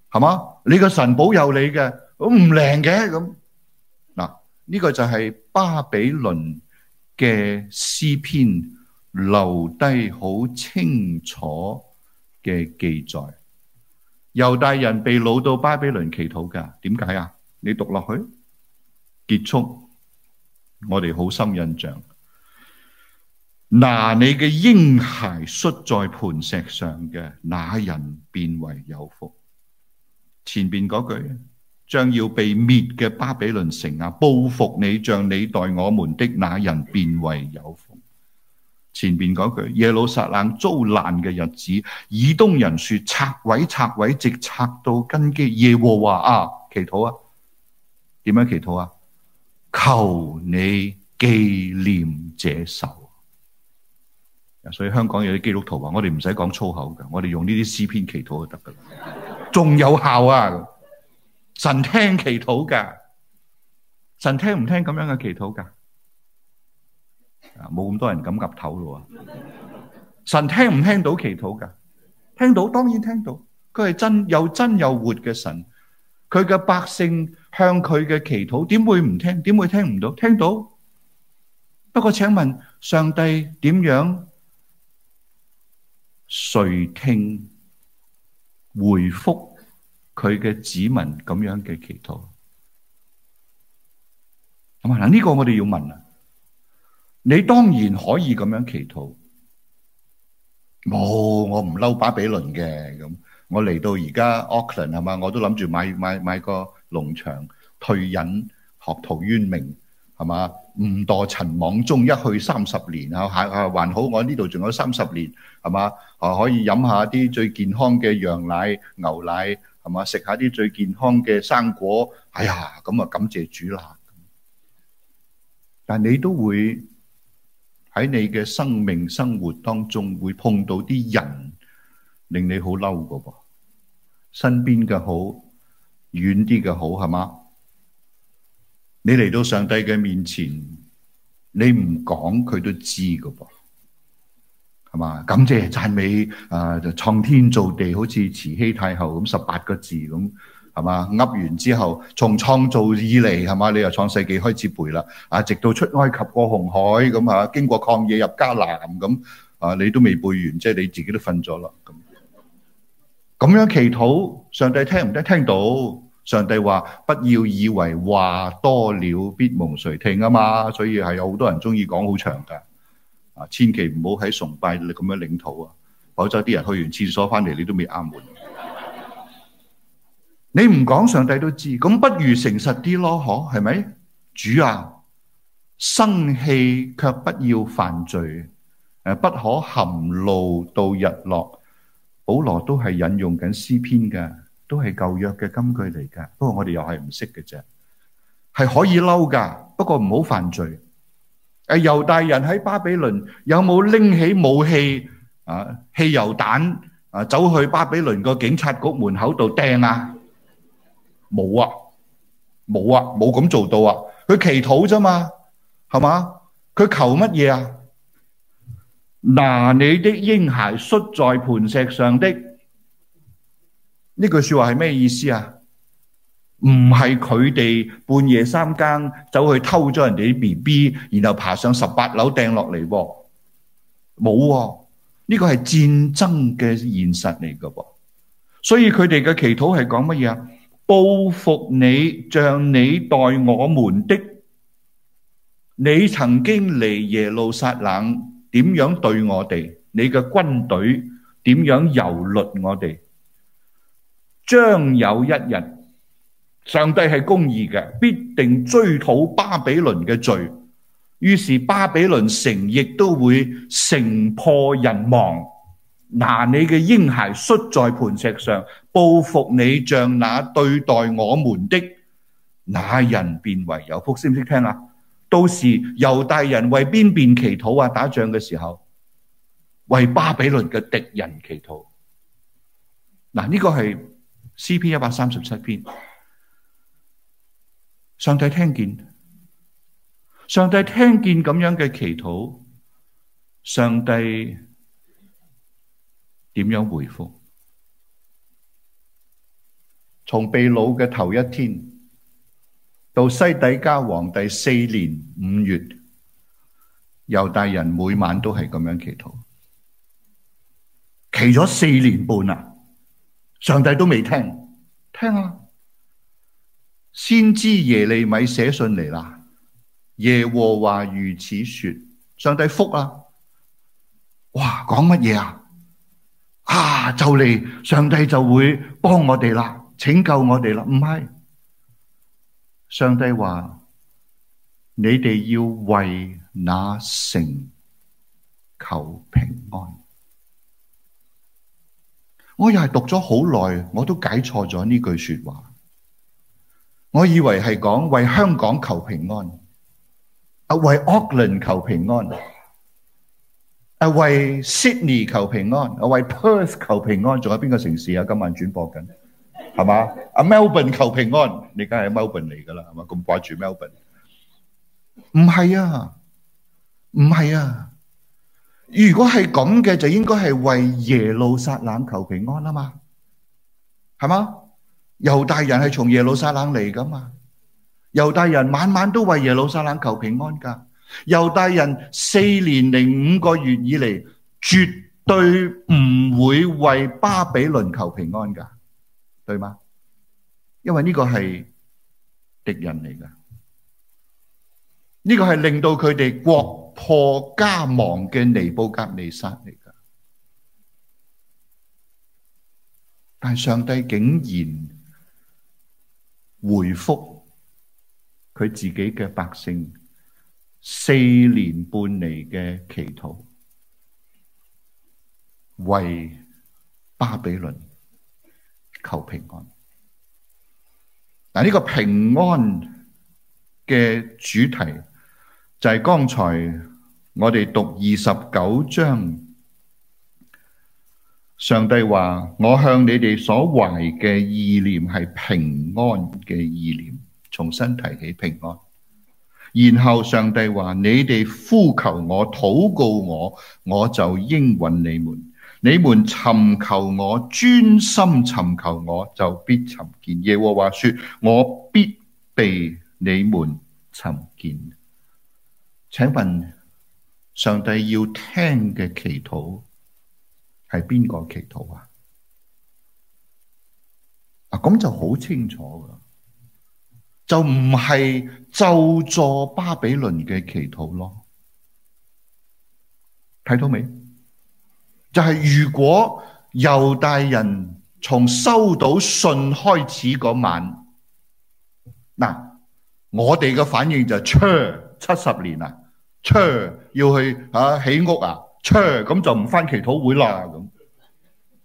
係嘛？你個神保佑你嘅，我唔靈嘅咁。嗱，呢個就係巴比倫嘅詩篇留低好清楚嘅記載。猶大人被擄到巴比倫祈禱噶，點解啊？你讀落去結束，我哋好深印象。嗱，你嘅嬰孩摔在磐石上嘅那人，變為有福。前邊嗰句，將要被滅嘅巴比倫城啊，報復你像你待我們的那人變為有福。前邊嗰句，耶路撒冷遭難嘅日子，以東人說拆毀拆毀，直拆到根基。耶和華啊，啊，祈禱啊，點樣祈禱啊？求你紀念這仇。所以香港有啲基督徒話，我哋唔使講粗口嘅，我哋用呢啲詩篇祈禱就得噶啦。仲有效啊！神聽祈禱噶，神聽唔聽咁樣嘅祈禱噶？啊，冇咁多人咁岌頭咯！神聽唔聽到祈禱噶？聽到，當然聽到。佢係真又真又活嘅神，佢嘅百姓向佢嘅祈禱，點會唔聽？點會聽唔到？聽到。不過請問，上帝點樣？誰聽回覆佢嘅子民咁樣嘅祈禱，咁啊嗱，呢個我哋要問啊。你當然可以咁樣祈禱，冇、哦、我唔嬲巴比倫嘅咁。我嚟到而家 Auckland 係嘛，我都諗住買買買，買個農場，退隱學陶淵明係嘛，誤墮塵網中一去三十年啊。還好還好，我呢度仲有三十年係嘛啊，可以飲下啲最健康嘅羊奶、牛奶。係嘛，食下啲最健康嘅生果，哎呀咁啊，感謝主啦。但你都會喺你嘅生命生活當中會碰到啲人令你好嬲噶噃，身邊嘅好，遠啲嘅好，係嘛？你嚟到上帝嘅面前，你唔講佢都知噶噃啊。嘛，感謝讚美啊！就、呃、創天造地，好似慈禧太后咁十八個字咁，係嘛？噏完之後，從創造以嚟係嘛？你又創世紀開始背啦，啊！直到出埃及過紅海咁啊，經過曠野入迦南咁啊，你都未背完，即係你自己都瞓咗啦。咁樣，樣祈禱，上帝聽唔聽到？上帝話：不要以為話多了必蒙垂聽啊嘛。所以係有好多人中意講好長噶。啊！千祈唔好喺崇拜你咁樣領土啊！否則啲人去完廁所翻嚟，你都未啱門、啊。 你唔講上帝都知，咁不如誠實啲咯？可係咪？主啊，生氣卻不要犯罪，誒，不可含怒到日落。保羅都係引用緊詩篇嘅，都係舊約嘅金句嚟噶。不過我哋又係唔識嘅啫，係可以嬲噶，不過唔好犯罪。誒，猶大人喺巴比倫有冇拎起武器啊、汽油彈啊，走去巴比倫個警察局門口度掟啊？冇啊，冇啊，冇咁做到啊！佢祈禱啫嘛，係嘛？佢求乜嘢啊？拿你的嬰孩摔在磐石上的呢句説話係咩意思啊？唔係佢哋半夜三更走去偷咗人哋啲 BB，然後爬上十八樓掟落嚟噃，冇喎。呢個係戰爭嘅現實嚟噶噃，所以佢哋嘅祈禱係講乜嘢啊？報復你，像你待我們的，你曾經嚟耶路撒冷點樣對我哋？你嘅軍隊點樣蹂躪我哋？將有一日。上帝係公義嘅，必定追討巴比倫嘅罪。於是巴比倫城亦都會城破人亡。嗱，你嘅嬰孩摔在磐石上，報復你，像那對待我們的那人便為有福，識唔識聽啊？到時猶大人為邊邊祈禱啊？打仗嘅時候為巴比倫嘅敵人祈禱。嗱，呢個係詩篇一百三十七篇。上帝聽見，上帝聽見咁樣嘅祈禱，上帝點樣回覆從被擄嘅頭一天到西底家皇帝四年五月，猶大人每晚都係咁樣祈禱，祈咗四年半啊，上帝都未聽，聽啊！先知耶利米寫信嚟啦，耶和華如此說：上帝福啦、啊，哇，講乜嘢啊？啊，就嚟上帝就會幫我哋啦，拯救我哋啦，唔係？上帝話：你哋要為那城求平安。我又係讀咗好耐，我都解錯咗呢句說話。我以為係講為香港求平安，啊為 Auckland 求平安，啊為 Sydney 求平安，啊為 Perth 求平安，仲有邊個城市啊？今晚轉播緊係嘛？啊 Melbourne 求平安，你梗係 Melbourne 嚟㗎啦，係嘛？咁掛住 Melbourne，唔係啊，唔係啊。如果係咁嘅，就應該係為耶路撒冷求平安吖嘛，係嘛？猶大人係從耶路撒冷嚟噶嘛？猶大人晚晚都為耶路撒冷求平安噶。猶大人四年零五個月以嚟，絕對唔會為巴比倫求平安噶，對嗎？因為呢個係敵人嚟噶，呢、呢個係令到佢哋國破家亡嘅尼布甲尼撒嚟噶。但係上帝竟然～回覆佢自己嘅百姓四年半嚟嘅祈禱，為巴比倫求平安。嗱，呢個平安嘅主題就係剛才我哋讀二十九章。上帝話：我向你哋所懷嘅意念係平安嘅意念，重新提起平安。然後上帝話：你哋呼求我、禱告我，我就應允你們；你們尋求我、專心尋求我，就必尋見。耶和華說：我必被你們尋見。請問上帝要聽嘅祈禱？係邊個祈禱啊？啊咁，就好清楚噶，就唔係咒詛巴比倫嘅祈禱咯。睇到未？就係、是、如果猶大人從收到信開始嗰晚，嗱，我哋嘅反應就拆七十年啊，拆要去啊起屋啊。咁、嗯、就唔翻祈禱會啦。咁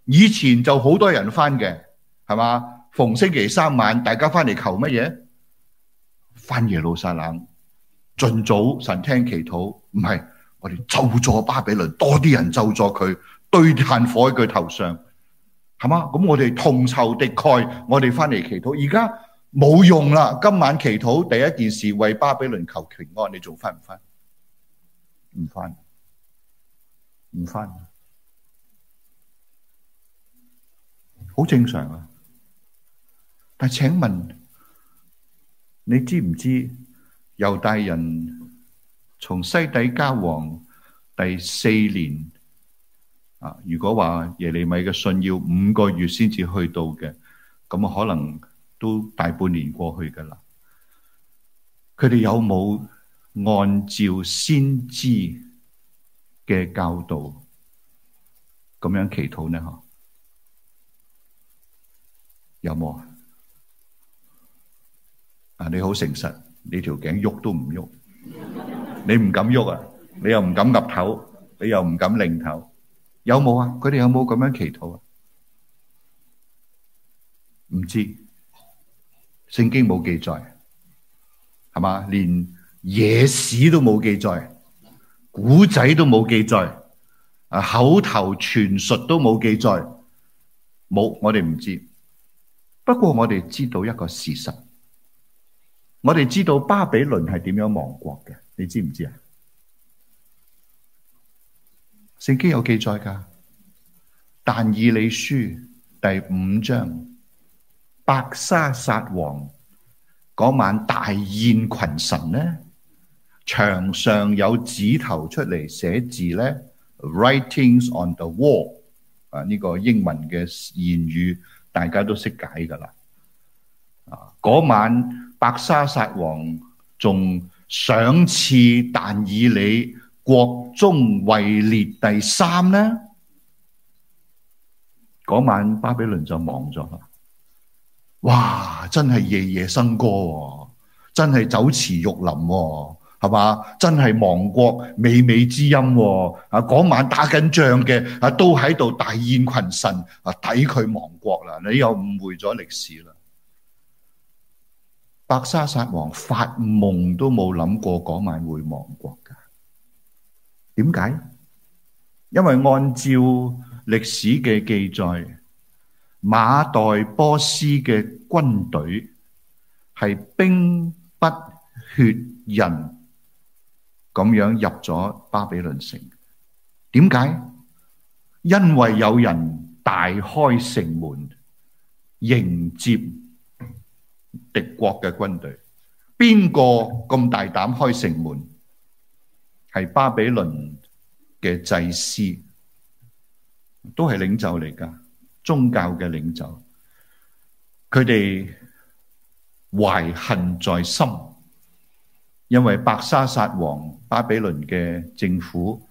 以前就好多人翻嘅，係嘛？逢星期三晚，大家翻嚟求乜嘢？翻耶路撒冷，盡早神聽祈禱。唔係我哋咒詛巴比倫，多啲人咒詛佢，堆炭火喺佢頭上，係嘛？咁我哋同仇敵愾，我哋翻嚟祈禱。而家冇用啦。今晚祈禱第一件事，為巴比倫求平安。你做翻唔翻？唔翻。唔翻，好正常啊！但請問，你知唔知猶大人從西底家王第四年啊？如果話耶利米嘅信要五個月先至去到嘅，咁可能都大半年過去噶啦。佢哋有冇按照先知嘅教導咁樣祈禱呢？嗬，有冇啊？啊，你好誠實，你條頸喐都唔喐，你唔敢喐啊，你又唔敢岌頭，你又唔敢擰頭，有冇啊？佢哋有冇咁樣祈禱啊？唔知，聖經冇記載，係嘛？連野史都冇記載。古仔都冇記載，啊，口頭傳述都冇記載，冇，我哋唔知。不過我哋知道一個事實，我哋知道巴比倫係點樣亡國嘅，你知唔知啊？聖經有記載噶，《但以理書》第五章，伯沙撒王嗰晚大宴群臣呢？牆上有指頭出嚟寫字咧，writings on the wall 啊，呢、這個英文嘅言語大家都識解㗎啦。啊，嗰晚伯沙撒王仲賞賜，但以理國中位列第三呢，嗰晚巴比倫就亡咗。哇，真係夜夜笙歌，哦，真係酒池肉林，哦。係嘛？真係亡國靡靡之音喎！啊，嗰晚打緊仗嘅啊，都喺度大宴群臣啊，抵佢亡國啦！你又誤會咗歷史啦。伯沙撒王發夢都冇諗過嗰晚會亡國㗎。點解？因為按照歷史嘅記載，瑪代波斯嘅軍隊係兵不血刃。咁樣入咗巴比倫城，點解？因為有人大開城門迎接敵國嘅軍隊，邊個咁大膽開城門？係巴比倫嘅祭司，都係領袖嚟㗎，宗教嘅領袖，佢哋懷恨在心。因為伯沙撒王巴比倫嘅政府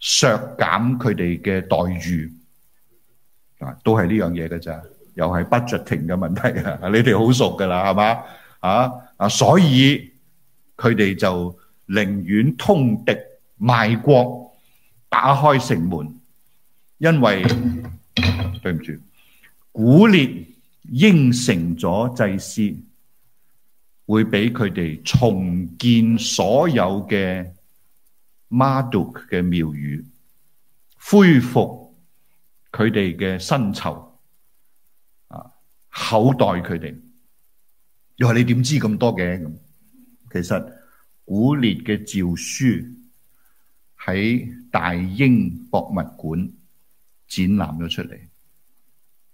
削減佢哋嘅待遇，啊，都係呢樣嘢嘅咋，又係 budgeting 嘅問題啊！你哋好熟噶啦，係嘛啊啊，所以佢哋就寧願通敵賣國，打開城門，因為對唔住，古列應承咗祭司。會俾佢哋重建所有嘅瑪杜克嘅廟宇，恢復佢哋嘅薪酬，啊，厚待佢哋。又係你點知咁多嘅？其實古列嘅詔書喺大英博物館展覽咗出嚟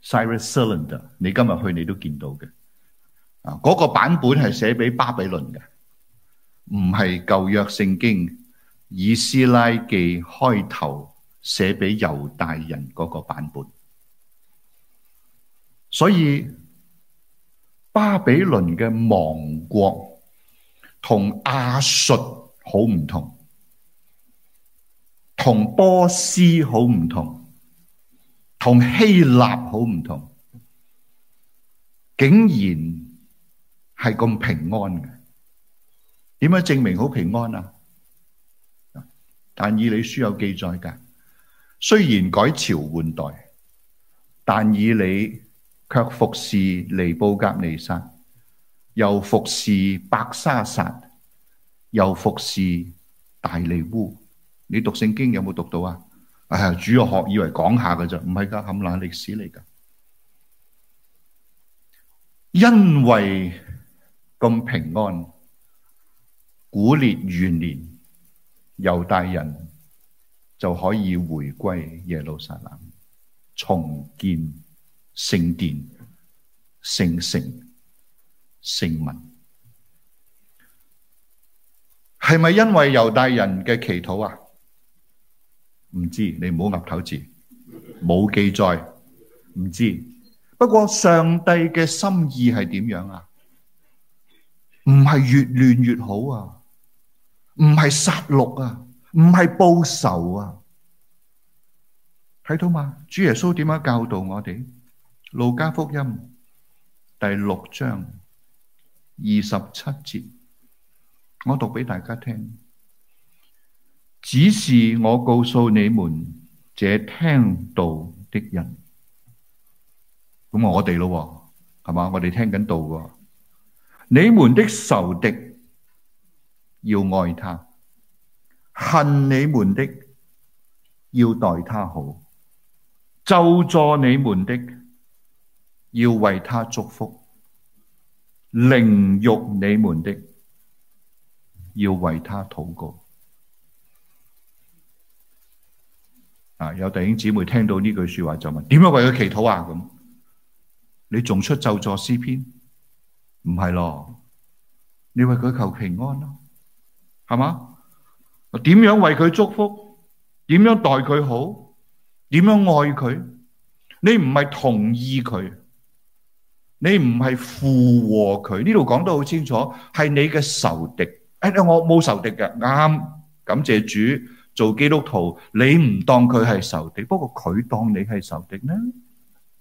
，Cyrus Cylinder，你今日去你都見到嘅。啊！嗰個版本係寫俾巴比倫嘅，唔係舊約聖經以斯拉記開頭寫俾猶大人嗰個版本，所以巴比倫嘅亡國同亞述好唔同，同波斯好唔同，同希臘好唔同，竟然。係咁平安嘅，點樣證明好平安啊？但以理書有記載嘅，雖然改朝換代，但以理卻服侍尼布甲尼撒，又服侍伯沙撒，又服侍大利烏。你讀聖經有冇讀到啊？啊，主要學以為講下嘅啫，唔係噶，冚唥歷史嚟噶，因為。咁平安，古列元年，猶大人就可以回歸耶路撒冷，重建聖殿、聖城、聖民，係咪因為猶大人嘅祈禱啊？唔知你唔好岌頭字，冇記載，唔知。不過上帝嘅心意係點樣啊？唔係越亂越好啊！唔係殺戮啊！唔係報仇啊！睇到嗎？主耶穌點樣教導我哋？路加福音第六章二十七節，我讀俾大家聽。只是我告訴你們，這聽道的人，咁我哋咯，係嘛？我哋聽緊道喎。你們的仇敵要愛他，恨你們的要待他好，咒詛你們的要為他祝福，凌辱你們的要為他禱告。啊！有弟兄姊妹聽到呢句說話就問：點樣為佢祈禱啊？咁你仲出咒詛詩篇？唔係咯，你為佢求平安咯，係嘛？點樣為佢祝福？點樣待佢好？點樣愛佢？你唔係同意佢，你唔係附和佢。呢度講得好清楚，係你嘅仇敵。誒，我冇仇敵嘅，啱。感謝主，做基督徒，你唔當佢係仇敵，不過佢當你係仇敵呢，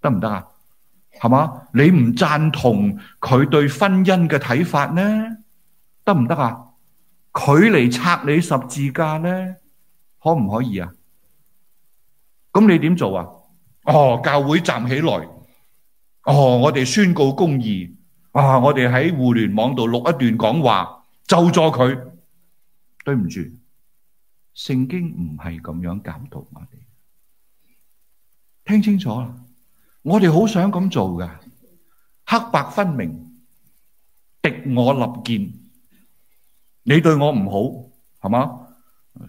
得唔得啊？係嘛？你唔贊同佢對婚姻嘅睇法呢？得唔得啊？佢嚟拆你十字架呢？可唔可以啊？咁你點做啊？哦，教會站起來，哦，我哋宣告公義啊，哦！我哋喺互聯網度錄一段講話，咒詛佢。對唔住，聖經唔係咁樣教導我哋，聽清楚啦。我哋好想咁做噶，黑白分明，敵我立見。你對我唔好，係嘛？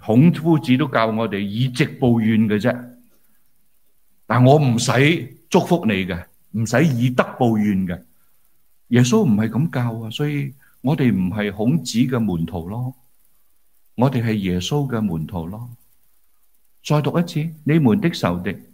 孔夫子都教我哋以直報怨嘅啫。但係我唔使祝福你嘅，唔使以德報怨嘅。耶穌唔係咁教啊，所以我哋唔係孔子嘅門徒咯，我哋係耶穌嘅門徒咯。再讀一次，你們的仇敵。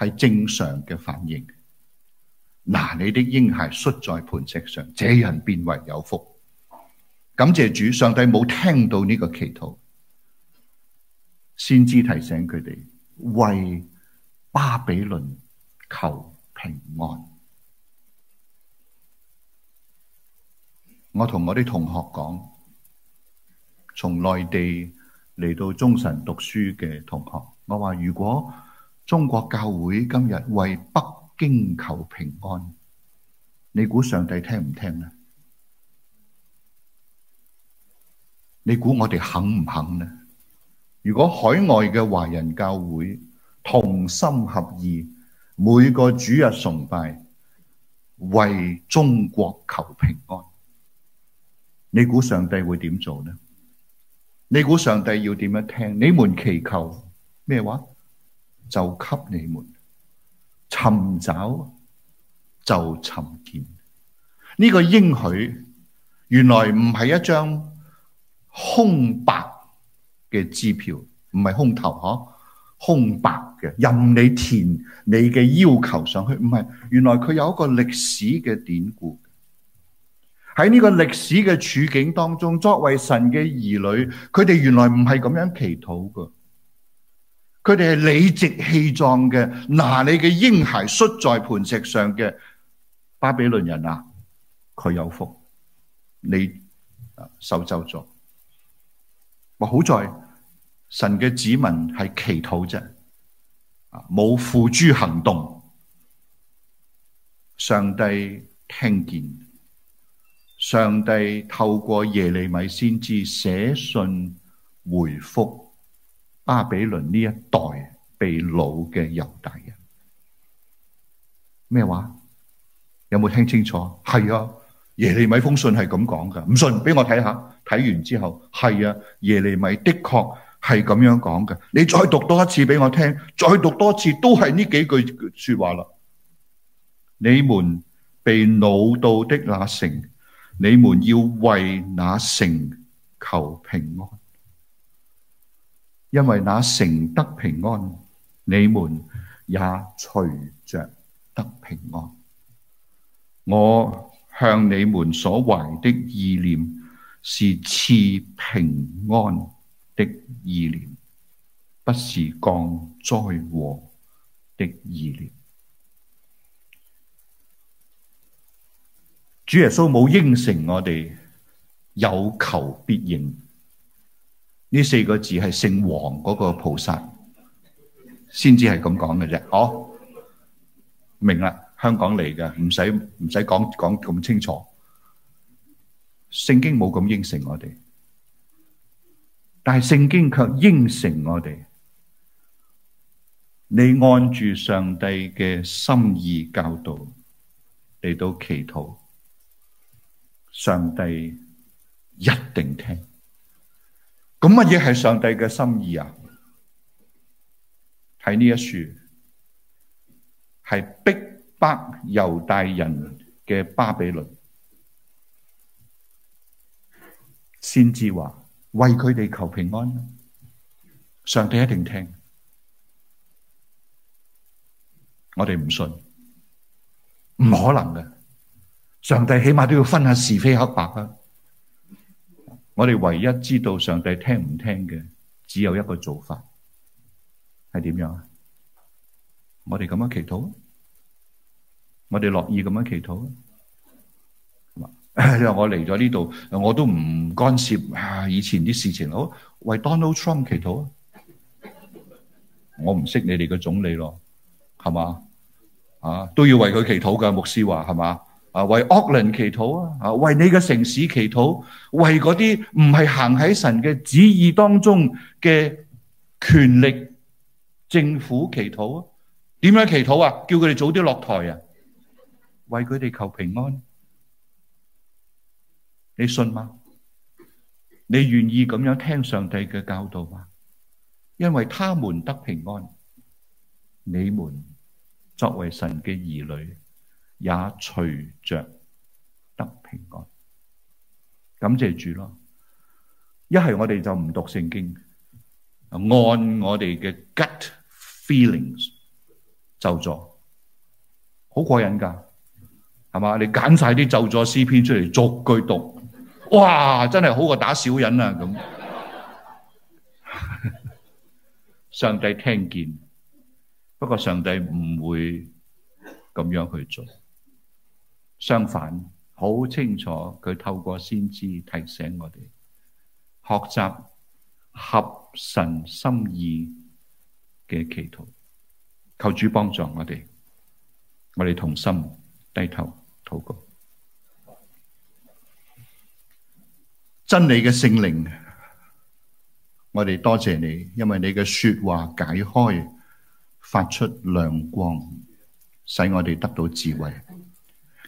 係正常嘅反應。嗱，你的嬰孩摔在磐石上，這人便為有福。感謝主，上帝冇聽到呢個祈禱，先知提醒佢哋為巴比倫求平安。我同我啲同學講，從內地嚟到中神讀書嘅同學，我話如果。中國教會今日為北京求平安，你估上帝聽唔聽呢？你估我哋肯唔肯呢？如果海外嘅華人教會同心合意，每個主日崇拜為中國求平安，你估上帝會點做呢？你估上帝要點樣聽？你們祈求咩話？就給你們尋找就尋，就尋見呢個應許。原來唔係一張空白嘅支票，唔係空頭嗬、啊，空白嘅任你填你嘅要求上去。唔係，原來佢有一個歷史嘅典故，喺呢個歷史嘅處境當中，作為神嘅兒女，佢哋原來唔係咁樣祈禱噶。佢哋係理直氣壯嘅，拿你嘅嬰孩摔在磐石上嘅巴比倫人啊，佢有福，你啊受咒咗。我好在神嘅子民係祈禱啫，啊冇付諸行動，上帝聽見，上帝透過耶利米先至寫信回復。巴比倫呢一代被擄嘅猶大人，咩話？有冇聽清楚？係啊，耶利米封信係咁講嘅。唔信，俾我睇下。睇完之後，係啊，耶利米的確係咁樣講嘅。你再讀多一次俾我聽，再讀多一次都係呢幾句說話啦。你們被擄到的那城，你們要為那城求平安。因為那成得平安，你們也隨着得平安。我向你們所懷的意念是賜平安的意念，不是降災禍的意念。主耶穌冇應承我哋有求必應。呢四個字係姓王嗰個菩薩，先至係咁講嘅啫。哦，明啦，香港嚟嘅，唔使唔使講講咁清楚。聖經冇咁應承我哋，但係聖經卻應承我哋。你按住上帝嘅心意教導嚟到祈禱，上帝一定聽。咁乜嘢係上帝嘅心意啊？睇呢一書，係逼迫猶大人嘅巴比倫先至話，為佢哋求平安，上帝一定聽。我哋唔信，唔可能嘅。上帝起碼都要分下是非黑白啊！我哋唯一知道上帝聽唔聽嘅，只有一個做法，係點樣啊？我哋咁樣祈禱，我哋樂意咁樣祈禱啊！因 為我嚟咗呢度，我都唔干涉啊以前啲事情，我為 Donald Trump 祈禱啊！我唔識你哋嘅總理咯，係嘛？啊，都要為佢祈禱㗎。牧師話係嘛？啊，為奧克蘭祈禱啊！啊，為你嘅城市祈禱，為嗰啲唔係行喺神嘅旨意當中嘅權力政府祈禱啊！點樣祈禱啊？叫佢哋早啲落台啊！為佢哋求平安，你信嗎？你願意咁樣聽上帝嘅教導嗎？因為他們得平安，你們作為神嘅兒女。也隨着得平安，感謝主咯！一係我哋就唔讀聖經，按我哋嘅 gut feelings 就做。好過癮噶，係嘛？你揀晒啲就咗詩篇出嚟逐句讀，哇！真係好過打小人啊咁。 上帝聽見，不過上帝唔會咁樣去做。相反，好清楚佢透過先知提醒我哋學習合神心意嘅祈禱，求主幫助我哋，我哋同心低頭禱告。真理嘅聖靈，我哋多謝你，因為你嘅說話解開，發出亮光，使我哋得到智慧。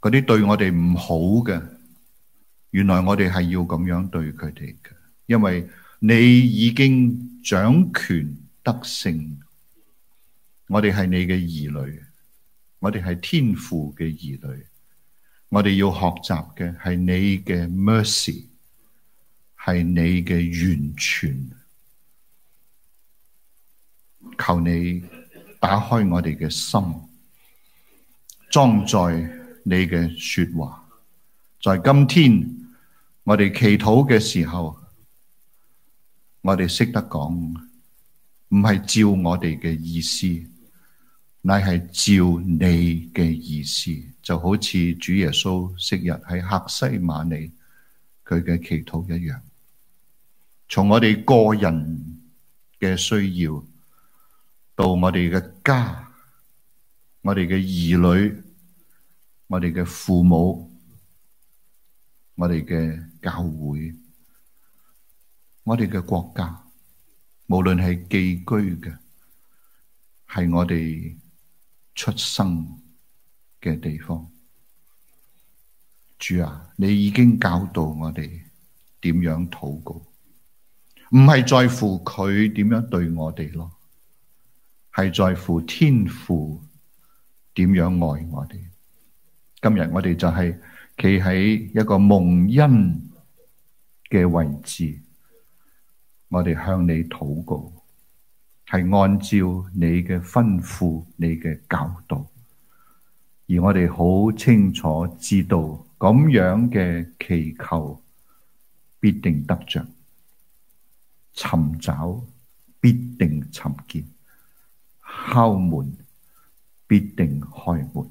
嗰啲對我哋唔好嘅，原來我哋係要咁樣對佢哋嘅，因為你已經掌權得勝，我哋係你嘅兒女，我哋係天父嘅兒女，我哋要學習嘅係你嘅 mercy，係你嘅完全，求你打開我哋嘅心，裝載。你嘅說話，在、就是、今天我哋祈禱嘅時候，我哋識得講，唔係照我哋嘅意思，乃係照你嘅意思。就好似主耶穌昔日喺客西馬尼佢嘅祈禱一樣，從我哋個人嘅需要到我哋嘅家，我哋嘅兒女。我哋嘅父母，我哋嘅教會，我哋嘅國家，無論係寄居嘅，係我哋出生嘅地方。主啊，你已經教導我哋點樣禱告，唔係在乎佢點樣對我哋咯，係在乎天父點樣愛我哋。今日我哋就係企喺一個蒙恩嘅位置，我哋向你禱告，係按照你嘅吩咐，你嘅教導，而我哋好清楚知道咁樣嘅祈求必定得着，尋找必定尋見，敲門必定開門。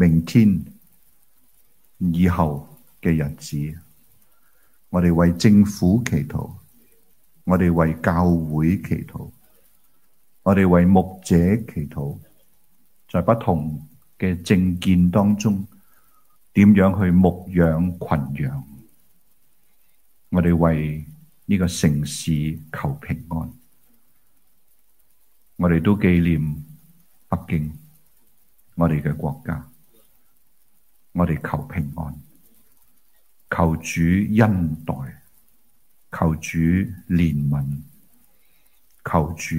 明天、以後嘅日子，我哋為政府祈禱，我哋為教會祈禱，我哋為牧者祈禱，在不同嘅政見當中，點樣去牧養群羊？我哋為呢個城市求平安，我哋都紀念北京，我哋嘅國家。我哋求平安，求主恩待，求主憐憫，求主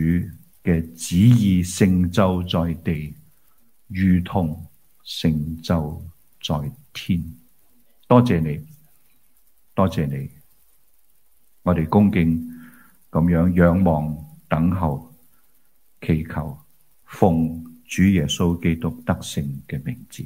嘅旨意成就在地，如同成就在天。多謝你，多謝你，我哋恭敬咁樣仰望、等候、祈求，奉主耶穌基督得勝嘅名字。